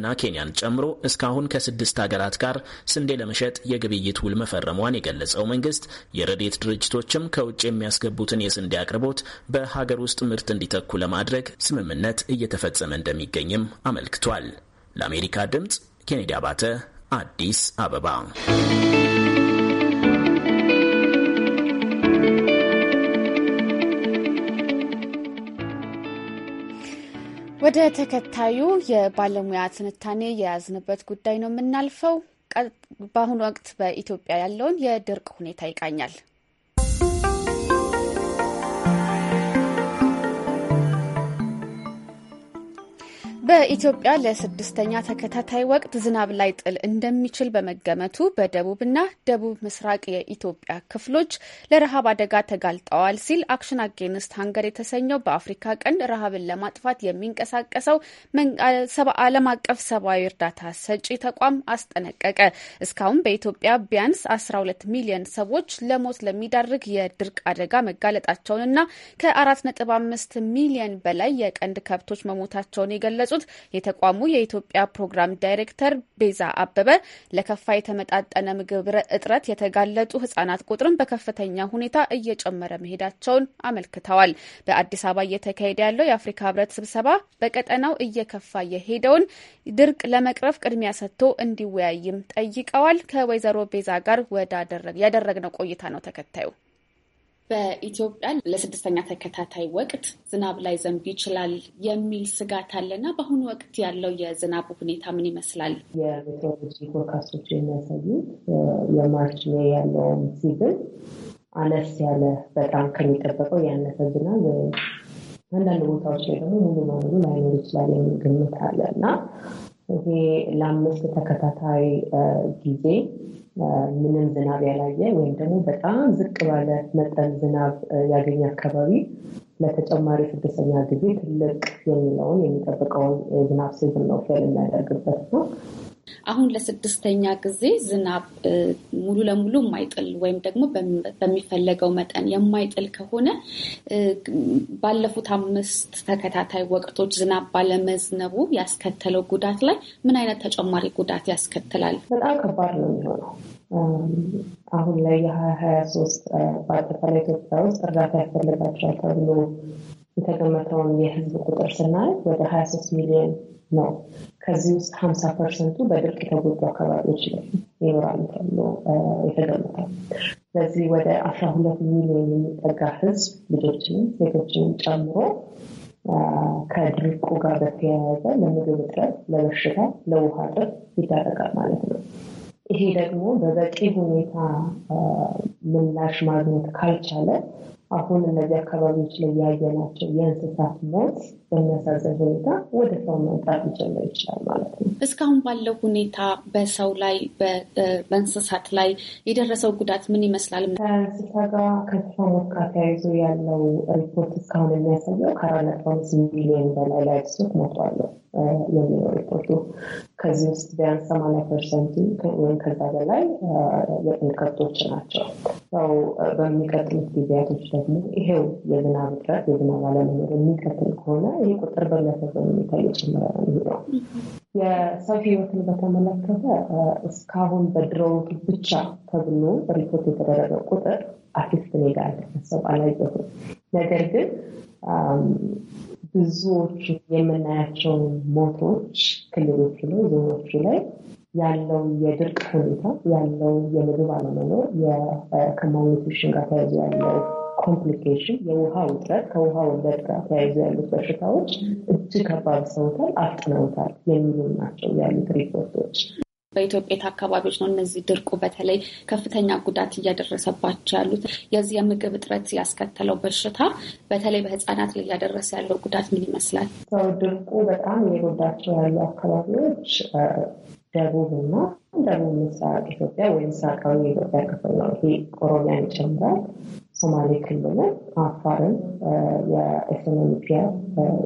ኢትዮጵያና ኬንያን ጨምሮ እስካሁን ከስድስት ሀገራት ጋር ስንዴ ለመሸጥ የግብይት ውል መፈረሟን የገለጸው መንግስት የረዴት ድርጅቶችም ከውጭ የሚያስገቡትን የስንዴ አቅርቦት በሀገር ውስጥ ምርት እንዲተኩ ለማድረግ ስምምነት እየተፈጸመ እንደሚገኝም አመልክቷል። ለአሜሪካ ድምፅ ኬኔዲ አባተ አዲስ አበባ ወደ ተከታዩ የባለሙያ ትንታኔ የያዝንበት ጉዳይ ነው የምናልፈው። በአሁኑ ወቅት በኢትዮጵያ ያለውን የድርቅ ሁኔታ ይቃኛል። በኢትዮጵያ ለስድስተኛ ተከታታይ ወቅት ዝናብ ላይ ጥል እንደሚችል በመገመቱ በደቡብና ደቡብ ምስራቅ የኢትዮጵያ ክፍሎች ለረሃብ አደጋ ተጋልጠዋል ሲል አክሽን አጌንስት ሀንገር የተሰኘው በአፍሪካ ቀንድ ረሃብን ለማጥፋት የሚንቀሳቀሰው ዓለም አቀፍ ሰብአዊ እርዳታ ሰጪ ተቋም አስጠነቀቀ። እስካሁን በኢትዮጵያ ቢያንስ 12 ሚሊዮን ሰዎች ለሞት ለሚዳርግ የድርቅ አደጋ መጋለጣቸውንና ከ4.5 ሚሊዮን በላይ የቀንድ ከብቶች መሞታቸውን የገለጹ ያሉት የተቋሙ የኢትዮጵያ ፕሮግራም ዳይሬክተር ቤዛ አበበ ለከፋ የተመጣጠነ ምግብ እጥረት የተጋለጡ ህጻናት ቁጥርን በከፍተኛ ሁኔታ እየጨመረ መሄዳቸውን አመልክተዋል። በአዲስ አበባ እየተካሄደ ያለው የአፍሪካ ህብረት ስብሰባ በቀጠናው እየከፋ የሄደውን ድርቅ ለመቅረፍ ቅድሚያ ሰጥቶ እንዲወያይም ጠይቀዋል። ከወይዘሮ ቤዛ ጋር ያደረግነው ቆይታ ነው ተከታዩ በኢትዮጵያ ለስድስተኛ ተከታታይ ወቅት ዝናብ ላይ ዘንብ ይችላል የሚል ስጋት አለ በአሁኑ ወቅት ያለው የዝናቡ ሁኔታ ምን ይመስላል? የሜትሮሎጂ ፎርካስቶች የሚያሳዩት የማርች ሜ ያለውን ሲዝን አነስ ያለ በጣም ከሚጠበቀው ያነሰ ዝናብ ወይም አንዳንድ ቦታዎች ላይ ደግሞ ሙሉ በሙሉ ላይኖር ይችላል የሚል ግምት አለ እና ይሄ ለአምስት ተከታታይ ጊዜ ምንም ዝናብ ያላየ ወይም ደግሞ በጣም ዝቅ ባለ መጠን ዝናብ ያገኘ አካባቢ ለተጨማሪ ስድስተኛ ጊዜ ትልቅ የሚለውን የሚጠብቀውን ዝናብ ስዝን ነው ፌል የሚያደርግበት ነው። አሁን ለስድስተኛ ጊዜ ዝናብ ሙሉ ለሙሉ የማይጥል ወይም ደግሞ በሚፈለገው መጠን የማይጥል ከሆነ ባለፉት አምስት ተከታታይ ወቅቶች ዝናብ ባለመዝነቡ ያስከተለው ጉዳት ላይ ምን አይነት ተጨማሪ ጉዳት ያስከትላል? በጣም ከባድ ነው የሚሆነው። አሁን ላይ የሀያ ሀያ ሶስት በአጠቃላይ ኢትዮጵያ ውስጥ እርዳታ ያስፈልጋቸዋል ተብሎ የተገመተውን የህዝብ ቁጥር ስናይ ወደ ሀያ ሶስት ሚሊዮን ነው። ከዚህ ውስጥ ሀምሳ ፐርሰንቱ በድርቅ የተጎዱ አካባቢዎች ይኖራሉ ተብሎ የተገምታል። ስለዚህ ወደ አስራ ሁለት ሚሊዮን የሚጠጋ ህዝብ ልጆችንም ሴቶችንም ጨምሮ ከድርቁ ጋር በተያያዘ ለምግብ እጥረት፣ ለበሽታ፣ ለውሃ እጥረት ይዳረጋል ማለት ነው። ይሄ ደግሞ በበቂ ሁኔታ ምላሽ ማግኘት ካልቻለ አሁን እነዚህ አካባቢዎች ላይ ያየናቸው የእንስሳት ሞት በሚያሳዝን ሁኔታ ወደ ሰው መምጣት ሊጀምር ይችላል ማለት ነው። እስካሁን ባለው ሁኔታ በሰው ላይ በእንስሳት ላይ የደረሰው ጉዳት ምን ይመስላል? ከእንስሳ ጋር ከእንስሳ ሞት ጋር ተያይዞ ያለው ሪፖርት እስካሁን የሚያሳየው ከአራት ነጥብ አምስት ሚሊዮን በላይ ላይ ሞቷል የሚኖሩ ሪፖርቱ ከዚህ ውስጥ ቢያንስ ሰማንያ ፐርሰንቱ ወይም ከዛ በላይ የጥንድ ከብቶች ናቸው። ያው በሚቀጥሉት ጊዜያቶች ደግሞ ይሄው የዝናብ እጥረት፣ የዝናብ አለመኖር የሚቀጥል ከሆነ ይህ ቁጥር በመሰብ ሁኔታ እየጨመረ ነው የሚሄደው። የሰው ህይወትን በተመለከተ እስካሁን በድሮዎቱ ብቻ ተብሎ ሪፖርት የተደረገው ቁጥር አርቲስት ኔጋ አልተሰሰብ አላየሁም። ነገር ግን ብዙዎቹ የምናያቸው ሞቶች ክልሎቹ ላይ ዞኖቹ ላይ ያለው የድርቅ ሁኔታ ያለው የምግብ አለመኖር ከማኒቴሽን ጋር ተያይዞ ያለው ኮምፕሊኬሽን የውሃ ውጥረት ከውሃ ወለድ ጋር ተያይዞ ያሉት በሽታዎች እጅግ ከባድ ሰውታል፣ አፍጥነውታል የሚሉ ናቸው ያሉት ሪፖርቶች። በኢትዮጵያ አካባቢዎች ነው እነዚህ ድርቁ በተለይ ከፍተኛ ጉዳት እያደረሰባቸው ያሉት? የዚህ የምግብ እጥረት ያስከተለው በሽታ በተለይ በህፃናት ላይ እያደረሰ ያለው ጉዳት ምን ይመስላል? ሰው ድርቁ በጣም እየጎዳቸው ያሉ አካባቢዎች ደቡብ እና ደቡብ ምስራቅ ኢትዮጵያ ወይም ምስራቃዊ የኢትዮጵያ ክፍል ነው። ይሄ ኦሮሚያን ይጨምራል፣ ሶማሌ ክልልን፣ አፋርን፣ የኢኮኖሚያ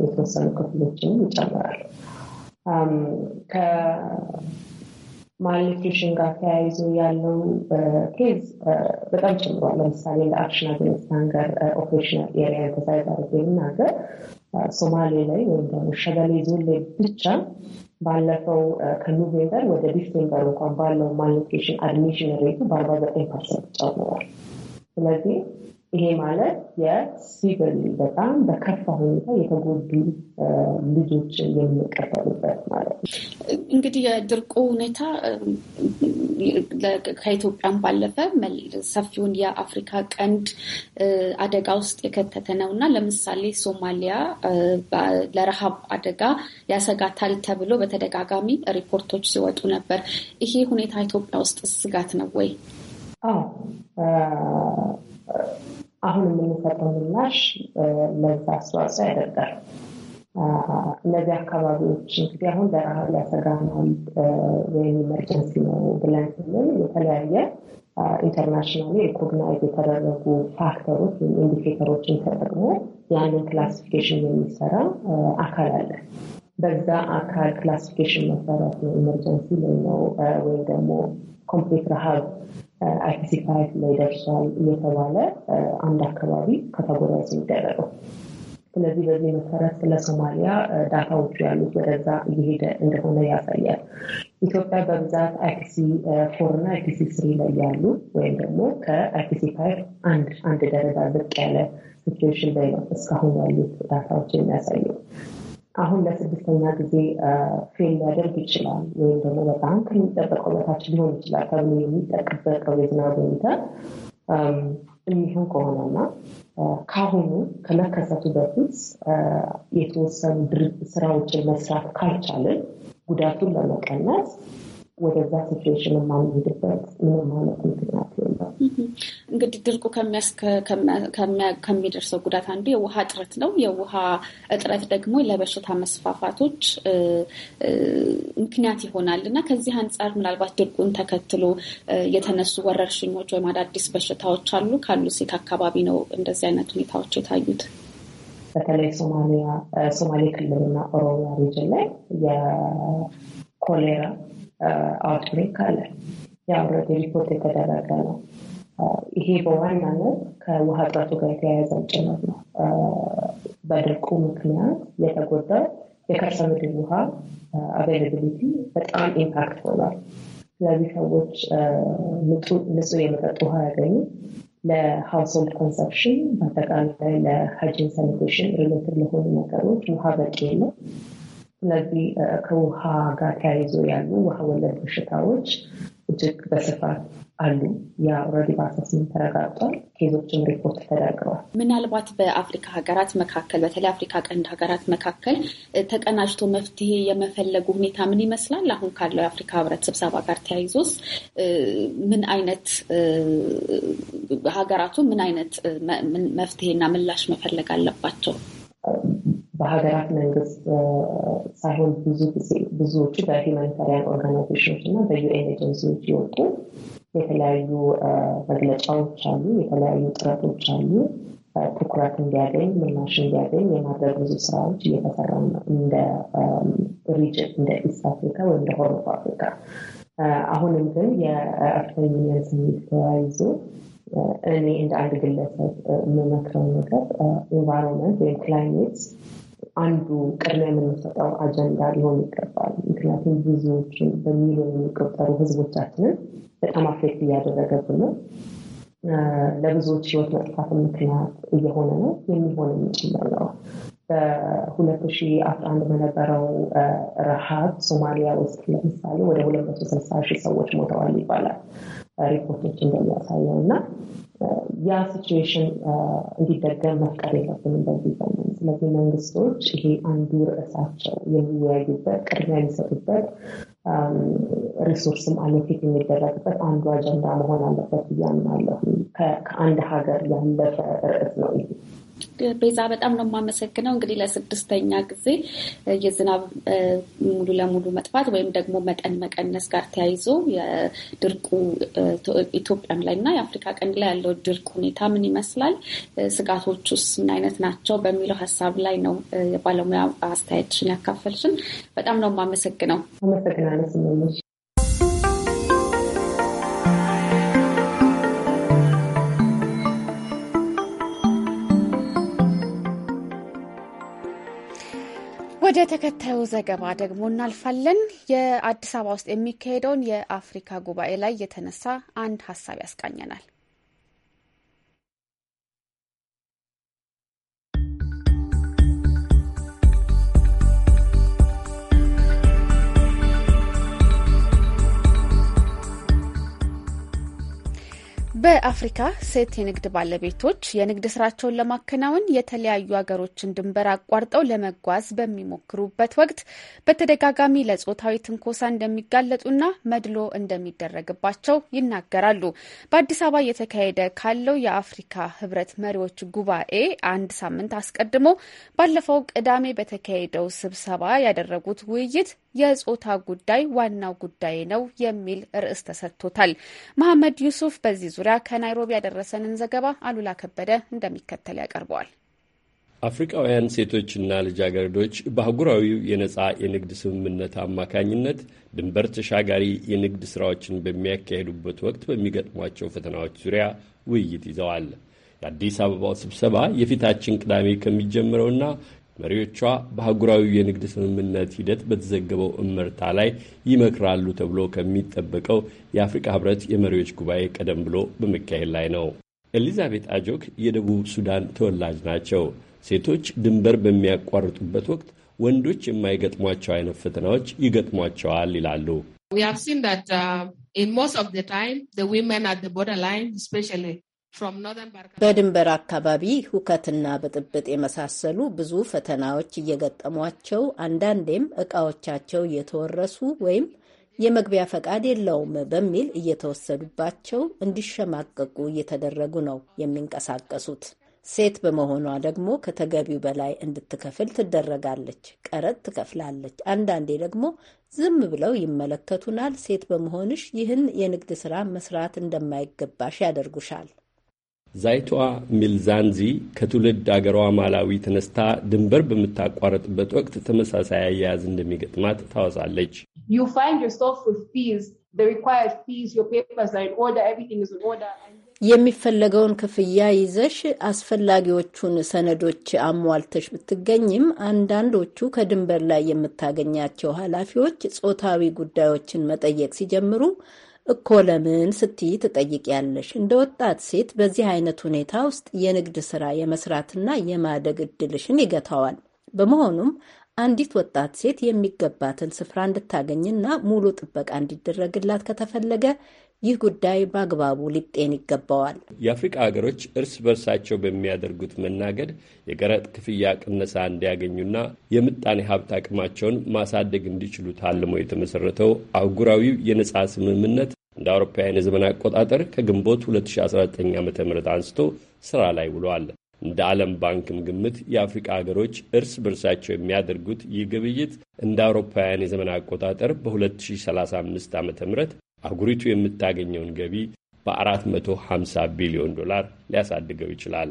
የተወሰኑ ክፍሎችንም ይጨምራል። ማልኒትሪሽን ጋር ተያይዞ ያለውን ኬዝ በጣም ጨምሯል። ለምሳሌ ለአክሽን አፍጋኒስታን ጋር ኦፕሬሽናል ኤሪያ ተሳይዝ አድርጌ ብናገር ሶማሌ ላይ ወይም ደግሞ ሸበሌ ዞን ላይ ብቻ ባለፈው ከኖቬምበር ወደ ዲሴምበር እንኳን ባለው ማልኒትሪሽን አድሚሽን ሬቱ በአርባ ዘጠኝ ፐርሰንት ጨምሯል። ስለዚህ ይሄ ማለት የሲቪል በጣም በከፋ ሁኔታ የተጎዱ ልጆች የምንቀበሉበት ማለት ነው። እንግዲህ የድርቁ ሁኔታ ከኢትዮጵያም ባለፈ ሰፊውን የአፍሪካ ቀንድ አደጋ ውስጥ የከተተ ነው እና ለምሳሌ ሶማሊያ ለረሃብ አደጋ ያሰጋታል ተብሎ በተደጋጋሚ ሪፖርቶች ሲወጡ ነበር። ይሄ ሁኔታ ኢትዮጵያ ውስጥ ስጋት ነው ወይ? አሁን የምንሰጠው ምላሽ ለዛ አስተዋጽኦ ያደርጋል። እነዚህ አካባቢዎች እንግዲህ አሁን ለረሃብ ሊያሰጋ ነው ወይም ኢመርጀንሲ ነው ብለን ስንል የተለያየ ኢንተርናሽናል ሪኮግናይዝ የተደረጉ ፋክተሮች ወይም ኢንዲኬተሮችን ተጠቅሞ ያንን ክላሲፊኬሽን የሚሰራ አካል አለ። በዛ አካል ክላሲፊኬሽን መሰረት ነው ኢመርጀንሲ ነው ወይም ደግሞ ኮምፕሌት ረሃብ አርቲሲ ፓራሊሲስ ላይ ደርሷል እየተባለ አንድ አካባቢ ካታጎራይዝ የሚደረገው። ስለዚህ በዚህ መሰረት ስለ ሶማሊያ ዳታዎቹ ያሉት ወደዛ እየሄደ እንደሆነ ያሳያል። ኢትዮጵያ በብዛት አይፒሲ ፎር እና አይፒሲ ስሪ ላይ ያሉ ወይም ደግሞ ከአይፒሲ ፋይቭ አንድ አንድ ደረጃ ዝቅ ያለ ሲትዌሽን ላይ ነው እስካሁን ያሉት ዳታዎች የሚያሳየው። አሁን ለስድስተኛ ጊዜ ፌል ሊያደርግ ይችላል ወይም ደግሞ በጣም ከሚጠበቀው በታች ሊሆን ይችላል ተብሎ የሚጠበቀው የዝናብ ሁኔታ የሚሆን ከሆነና ከአሁኑ ከመከሰቱ በፊት የተወሰኑ ስራዎችን መስራት ካልቻልን ጉዳቱን ለመቀነስ ወደዛ ሲትዌሽን የማንሄድበት ምንም አይነት ምክንያት የለም። እንግዲህ ድርቁ ከሚደርሰው ጉዳት አንዱ የውሃ እጥረት ነው። የውሃ እጥረት ደግሞ ለበሽታ መስፋፋቶች ምክንያት ይሆናል እና ከዚህ አንጻር ምናልባት ድርቁን ተከትሎ የተነሱ ወረርሽኞች ወይም አዳዲስ በሽታዎች አሉ ካሉ ሴት አካባቢ ነው እንደዚህ አይነት ሁኔታዎች የታዩት። በተለይ ሶማሌ ክልልና ኦሮሚያ ሪጅን ላይ የኮሌራ አውትብሬክ አለ። የአውረድ ሪፖርት የተደረገ ነው። ይሄ በዋናነት ከውሃ እጥረቱ ጋር የተያያዘ ጭነት ነው። በድርቁ ምክንያት የተጎዳው የከርሰ ምድር ውሃ አቬይላቢሊቲ በጣም ኢምፓክት ሆኗል። ስለዚህ ሰዎች ንጹህ የመጠጥ ውሃ ያገኙ ለሃውስሆልድ ኮንሰፕሽን በአጠቃላይ ለሃይጂን ሳኒቴሽን ሪሌትድ ለሆኑ ነገሮች ውሃ በቂ የለም። እነዚህ ከውሃ ጋር ተያይዞ ያሉ ውሃ ወለድ በሽታዎች እጅግ በስፋት አሉ። የአውረዲ በአሰስመንት ተረጋግጧል። ኬዞችም ሪፖርት ተደርገዋል። ምናልባት በአፍሪካ ሀገራት መካከል በተለይ አፍሪካ ቀንድ ሀገራት መካከል ተቀናጅቶ መፍትሄ የመፈለጉ ሁኔታ ምን ይመስላል? አሁን ካለው የአፍሪካ ህብረት ስብሰባ ጋር ተያይዞስ ምን አይነት ሀገራቱ ምን አይነት መፍትሄና ምላሽ መፈለግ አለባቸው? በሀገራት መንግስት ሳይሆን ብዙ ጊዜ ብዙዎቹ በሂማኒታሪያን ኦርጋናይዜሽኖች እና በዩኤን ኤጀንሲዎች የወጡ የተለያዩ መግለጫዎች አሉ፣ የተለያዩ ጥረቶች አሉ። ትኩረት እንዲያገኝ ምላሽ እንዲያገኝ የማድረግ ብዙ ስራዎች እየተሰራ ነው። እንደ ሪጅን እንደ ኢስት አፍሪካ ወይም እንደ ኦፍ አፍሪካ አሁንም ግን የአፍሪካ ዩኒየን ስሜት ተያይዞ እኔ እንደ አንድ ግለሰብ የምመክረው ነገር ኢንቫይሮንመንት ወይም ክላይሜት አንዱ ቅድሚያ የምንሰጠው አጀንዳ ሊሆን ይገባል። ምክንያቱም ብዙዎችን በሚሊዮን የሚቆጠሩ ህዝቦቻችንን በጣም አፌክት እያደረገብን ነው። ለብዙዎች ህይወት መጥፋት ምክንያት እየሆነ ነው የሚሆን የሚችለው ነው። በ2011 በነበረው ረሃብ ሶማሊያ ውስጥ ለምሳሌ ወደ 260 ሺህ ሰዎች ሞተዋል ይባላል። ሪፖርቶች እንደሚያሳየው እና ያ ሲቹዌሽን እንዲደገም መፍቀድ የለብንም በዚህ ዘመን። ስለዚህ መንግስቶች ይሄ አንዱ ርዕሳቸው የሚወያዩበት ቅድሚያ የሚሰጡበት ሪሶርስም አሎኬት የሚደረግበት አንዱ አጀንዳ መሆን አለበት ብዬ አምናለሁ። ከአንድ ሀገር ያለፈ ርዕስ ነው ይሄ። ቤዛ በጣም ነው የማመሰግነው። እንግዲህ ለስድስተኛ ጊዜ የዝናብ ሙሉ ለሙሉ መጥፋት ወይም ደግሞ መጠን መቀነስ ጋር ተያይዞ የድርቁ ኢትዮጵያም ላይ እና የአፍሪካ ቀንድ ላይ ያለው ድርቅ ሁኔታ ምን ይመስላል፣ ስጋቶቹስ ምን አይነት ናቸው በሚለው ሀሳብ ላይ ነው የባለሙያ አስተያየትሽን ያካፈልሽን። በጣም ነው የማመሰግነው። አመሰግናለሁ። ወደ ተከታዩ ዘገባ ደግሞ እናልፋለን። የአዲስ አበባ ውስጥ የሚካሄደውን የአፍሪካ ጉባኤ ላይ የተነሳ አንድ ሀሳብ ያስቃኘናል። በአፍሪካ ሴት የንግድ ባለቤቶች የንግድ ስራቸውን ለማከናወን የተለያዩ ሀገሮችን ድንበር አቋርጠው ለመጓዝ በሚሞክሩበት ወቅት በተደጋጋሚ ለጾታዊ ትንኮሳ እንደሚጋለጡና መድሎ እንደሚደረግባቸው ይናገራሉ። በአዲስ አበባ እየተካሄደ ካለው የአፍሪካ ህብረት መሪዎች ጉባኤ አንድ ሳምንት አስቀድሞ ባለፈው ቅዳሜ በተካሄደው ስብሰባ ያደረጉት ውይይት የጾታ ጉዳይ ዋናው ጉዳይ ነው የሚል ርዕስ ተሰጥቶታል። መሐመድ ዩሱፍ በዚህ ዙሪያ ዙሪያ ከናይሮቢ ያደረሰንን ዘገባ አሉላ ከበደ እንደሚከተል ያቀርበዋል። አፍሪካውያን ሴቶችና ልጃገረዶች በአህጉራዊው የነፃ የንግድ ስምምነት አማካኝነት ድንበር ተሻጋሪ የንግድ ሥራዎችን በሚያካሄዱበት ወቅት በሚገጥሟቸው ፈተናዎች ዙሪያ ውይይት ይዘዋል። የአዲስ አበባው ስብሰባ የፊታችን ቅዳሜ ከሚጀምረውና መሪዎቿ በአህጉራዊ የንግድ ስምምነት ሂደት በተዘገበው እመርታ ላይ ይመክራሉ ተብሎ ከሚጠበቀው የአፍሪካ ህብረት የመሪዎች ጉባኤ ቀደም ብሎ በመካሄድ ላይ ነው። ኤሊዛቤት አጆክ የደቡብ ሱዳን ተወላጅ ናቸው። ሴቶች ድንበር በሚያቋርጡበት ወቅት ወንዶች የማይገጥሟቸው አይነት ፈተናዎች ይገጥሟቸዋል ይላሉ። We have seen that uh, in most of the time, the women at the borderline, especially በድንበር አካባቢ ሁከትና ብጥብጥ የመሳሰሉ ብዙ ፈተናዎች እየገጠሟቸው አንዳንዴም እቃዎቻቸው እየተወረሱ ወይም የመግቢያ ፈቃድ የለውም በሚል እየተወሰዱባቸው እንዲሸማቀቁ እየተደረጉ ነው የሚንቀሳቀሱት። ሴት በመሆኗ ደግሞ ከተገቢው በላይ እንድትከፍል ትደረጋለች። ቀረጥ ትከፍላለች። አንዳንዴ ደግሞ ዝም ብለው ይመለከቱናል። ሴት በመሆንሽ ይህን የንግድ ስራ መስራት እንደማይገባሽ ያደርጉሻል። ዛይቷ ሚልዛንዚ ከትውልድ አገሯ ማላዊ ተነስታ ድንበር በምታቋረጥበት ወቅት ተመሳሳይ አያያዝ እንደሚገጥማት ታወሳለች። የሚፈለገውን ክፍያ ይዘሽ አስፈላጊዎቹን ሰነዶች አሟልተሽ ብትገኝም አንዳንዶቹ ከድንበር ላይ የምታገኛቸው ኃላፊዎች ጾታዊ ጉዳዮችን መጠየቅ ሲጀምሩ እኮ ለምን ስትይ ትጠይቂያለሽ። እንደ ወጣት ሴት በዚህ አይነት ሁኔታ ውስጥ የንግድ ስራ የመስራትና የማደግ እድልሽን ይገታዋል። በመሆኑም አንዲት ወጣት ሴት የሚገባትን ስፍራ እንድታገኝና ሙሉ ጥበቃ እንዲደረግላት ከተፈለገ ይህ ጉዳይ በአግባቡ ሊጤን ይገባዋል። የአፍሪቃ ሀገሮች እርስ በርሳቸው በሚያደርጉት መናገድ የቀረጥ ክፍያ ቅነሳ እንዲያገኙና የምጣኔ ሀብት አቅማቸውን ማሳደግ እንዲችሉ ታልሞ የተመሰረተው አህጉራዊው የነጻ ስምምነት እንደ አውሮፓውያን የዘመን አቆጣጠር ከግንቦት 2019 ዓ ም አንስቶ ስራ ላይ ውሏል። እንደ ዓለም ባንክም ግምት የአፍሪቃ ሀገሮች እርስ በርሳቸው የሚያደርጉት ይህ ግብይት እንደ አውሮፓውያን የዘመን አቆጣጠር በ2035 ዓ ም አህጉሪቱ የምታገኘውን ገቢ በ450 ቢሊዮን ዶላር ሊያሳድገው ይችላል።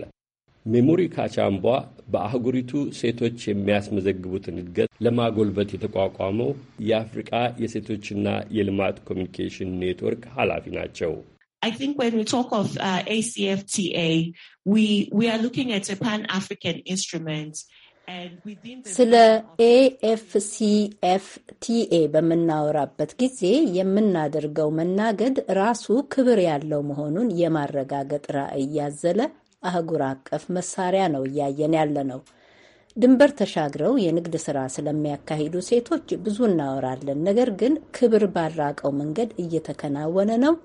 ሜሞሪ ካቻምቧ በአህጉሪቱ ሴቶች የሚያስመዘግቡትን እድገት ለማጎልበት የተቋቋመው የአፍሪቃ የሴቶችና የልማት ኮሚኒኬሽን ኔትወርክ ኃላፊ ናቸው። uh, ስለ ኤኤፍሲኤፍቲኤ በምናወራበት ጊዜ የምናደርገው መናገድ ራሱ ክብር ያለው መሆኑን የማረጋገጥ ራዕይ ያዘለ አህጉር አቀፍ መሳሪያ ነው እያየን ያለ ነው። ድንበር ተሻግረው የንግድ ስራ ስለሚያካሂዱ ሴቶች ብዙ እናወራለን። ነገር ግን ክብር ባልራቀው መንገድ እየተከናወነ ነው።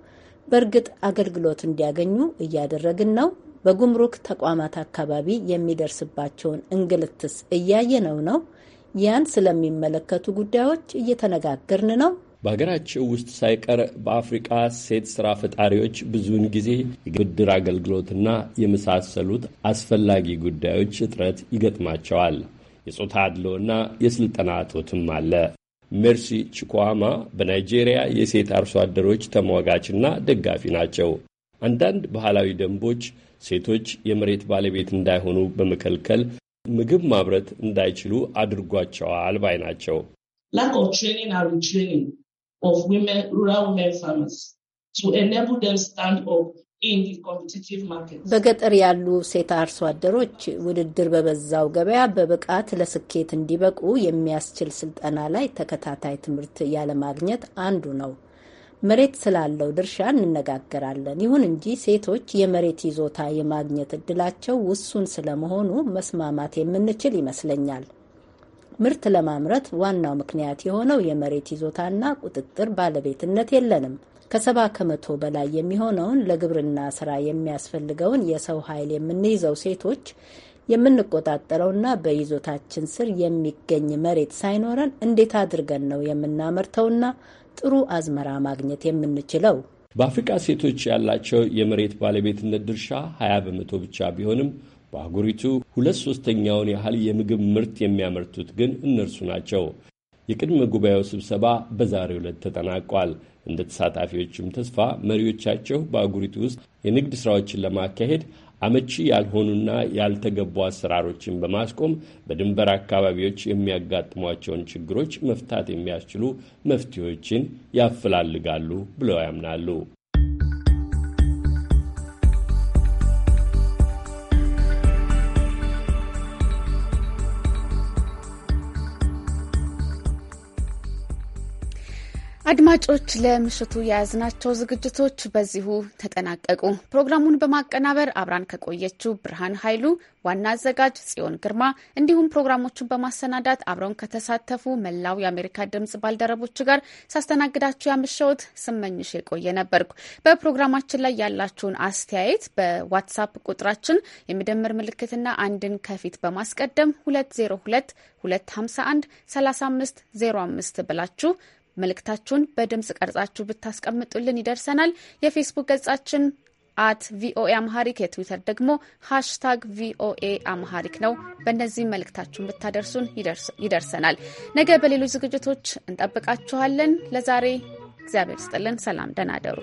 በእርግጥ አገልግሎት እንዲያገኙ እያደረግን ነው። በጉምሩክ ተቋማት አካባቢ የሚደርስባቸውን እንግልትስ እያየነው ነው? ያን ስለሚመለከቱ ጉዳዮች እየተነጋገርን ነው። በሀገራችን ውስጥ ሳይቀር በአፍሪቃ ሴት ስራ ፈጣሪዎች ብዙውን ጊዜ የብድር አገልግሎትና የመሳሰሉት አስፈላጊ ጉዳዮች እጥረት ይገጥማቸዋል። የጾታ አድሎና የስልጠና እጦትም አለ። ሜርሲ ችኳማ በናይጄሪያ የሴት አርሶ አደሮች ተሟጋችና ደጋፊ ናቸው። አንዳንድ ባህላዊ ደንቦች ሴቶች የመሬት ባለቤት እንዳይሆኑ በመከልከል ምግብ ማምረት እንዳይችሉ አድርጓቸዋል ባይ ናቸው። በገጠር ያሉ ሴት አርሶ አደሮች ውድድር በበዛው ገበያ በብቃት ለስኬት እንዲበቁ የሚያስችል ስልጠና ላይ ተከታታይ ትምህርት ያለማግኘት አንዱ ነው። መሬት ስላለው ድርሻ እንነጋገራለን። ይሁን እንጂ ሴቶች የመሬት ይዞታ የማግኘት እድላቸው ውሱን ስለመሆኑ መስማማት የምንችል ይመስለኛል። ምርት ለማምረት ዋናው ምክንያት የሆነው የመሬት ይዞታና ቁጥጥር ባለቤትነት የለንም። ከሰባ ከመቶ በላይ የሚሆነውን ለግብርና ስራ የሚያስፈልገውን የሰው ኃይል የምንይዘው ሴቶች የምንቆጣጠረውና በይዞታችን ስር የሚገኝ መሬት ሳይኖረን እንዴት አድርገን ነው የምናመርተውና ጥሩ አዝመራ ማግኘት የምንችለው። በአፍሪካ ሴቶች ያላቸው የመሬት ባለቤትነት ድርሻ 20 በመቶ ብቻ ቢሆንም በአህጉሪቱ ሁለት ሶስተኛውን ያህል የምግብ ምርት የሚያመርቱት ግን እነርሱ ናቸው። የቅድመ ጉባኤው ስብሰባ በዛሬው ዕለት ተጠናቋል። እንደ ተሳታፊዎችም ተስፋ መሪዎቻቸው በአህጉሪቱ ውስጥ የንግድ ሥራዎችን ለማካሄድ አመቺ ያልሆኑና ያልተገቡ አሰራሮችን በማስቆም በድንበር አካባቢዎች የሚያጋጥሟቸውን ችግሮች መፍታት የሚያስችሉ መፍትሄዎችን ያፈላልጋሉ ብለው ያምናሉ። አድማጮች ለምሽቱ የያዝናቸው ዝግጅቶች በዚሁ ተጠናቀቁ። ፕሮግራሙን በማቀናበር አብራን ከቆየችው ብርሃን ኃይሉ፣ ዋና አዘጋጅ ጽዮን ግርማ እንዲሁም ፕሮግራሞቹን በማሰናዳት አብረውን ከተሳተፉ መላው የአሜሪካ ድምጽ ባልደረቦች ጋር ሳስተናግዳችሁ ያመሸሁት ስመኝሽ የቆየ ነበርኩ። በፕሮግራማችን ላይ ያላችሁን አስተያየት በዋትሳፕ ቁጥራችን የሚደምር ምልክትና አንድን ከፊት በማስቀደም 202 251 3505 ብላችሁ መልእክታችሁን በድምፅ ቀርጻችሁ ብታስቀምጡልን ይደርሰናል። የፌስቡክ ገጻችን አት ቪኦኤ አምሃሪክ የትዊተር ደግሞ ሃሽታግ ቪኦኤ አምሃሪክ ነው። በእነዚህ መልእክታችሁን ብታደርሱን ይደርሰናል። ነገ በሌሎች ዝግጅቶች እንጠብቃችኋለን። ለዛሬ እግዚአብሔር ስጥልን። ሰላም፣ ደህና ደሩ።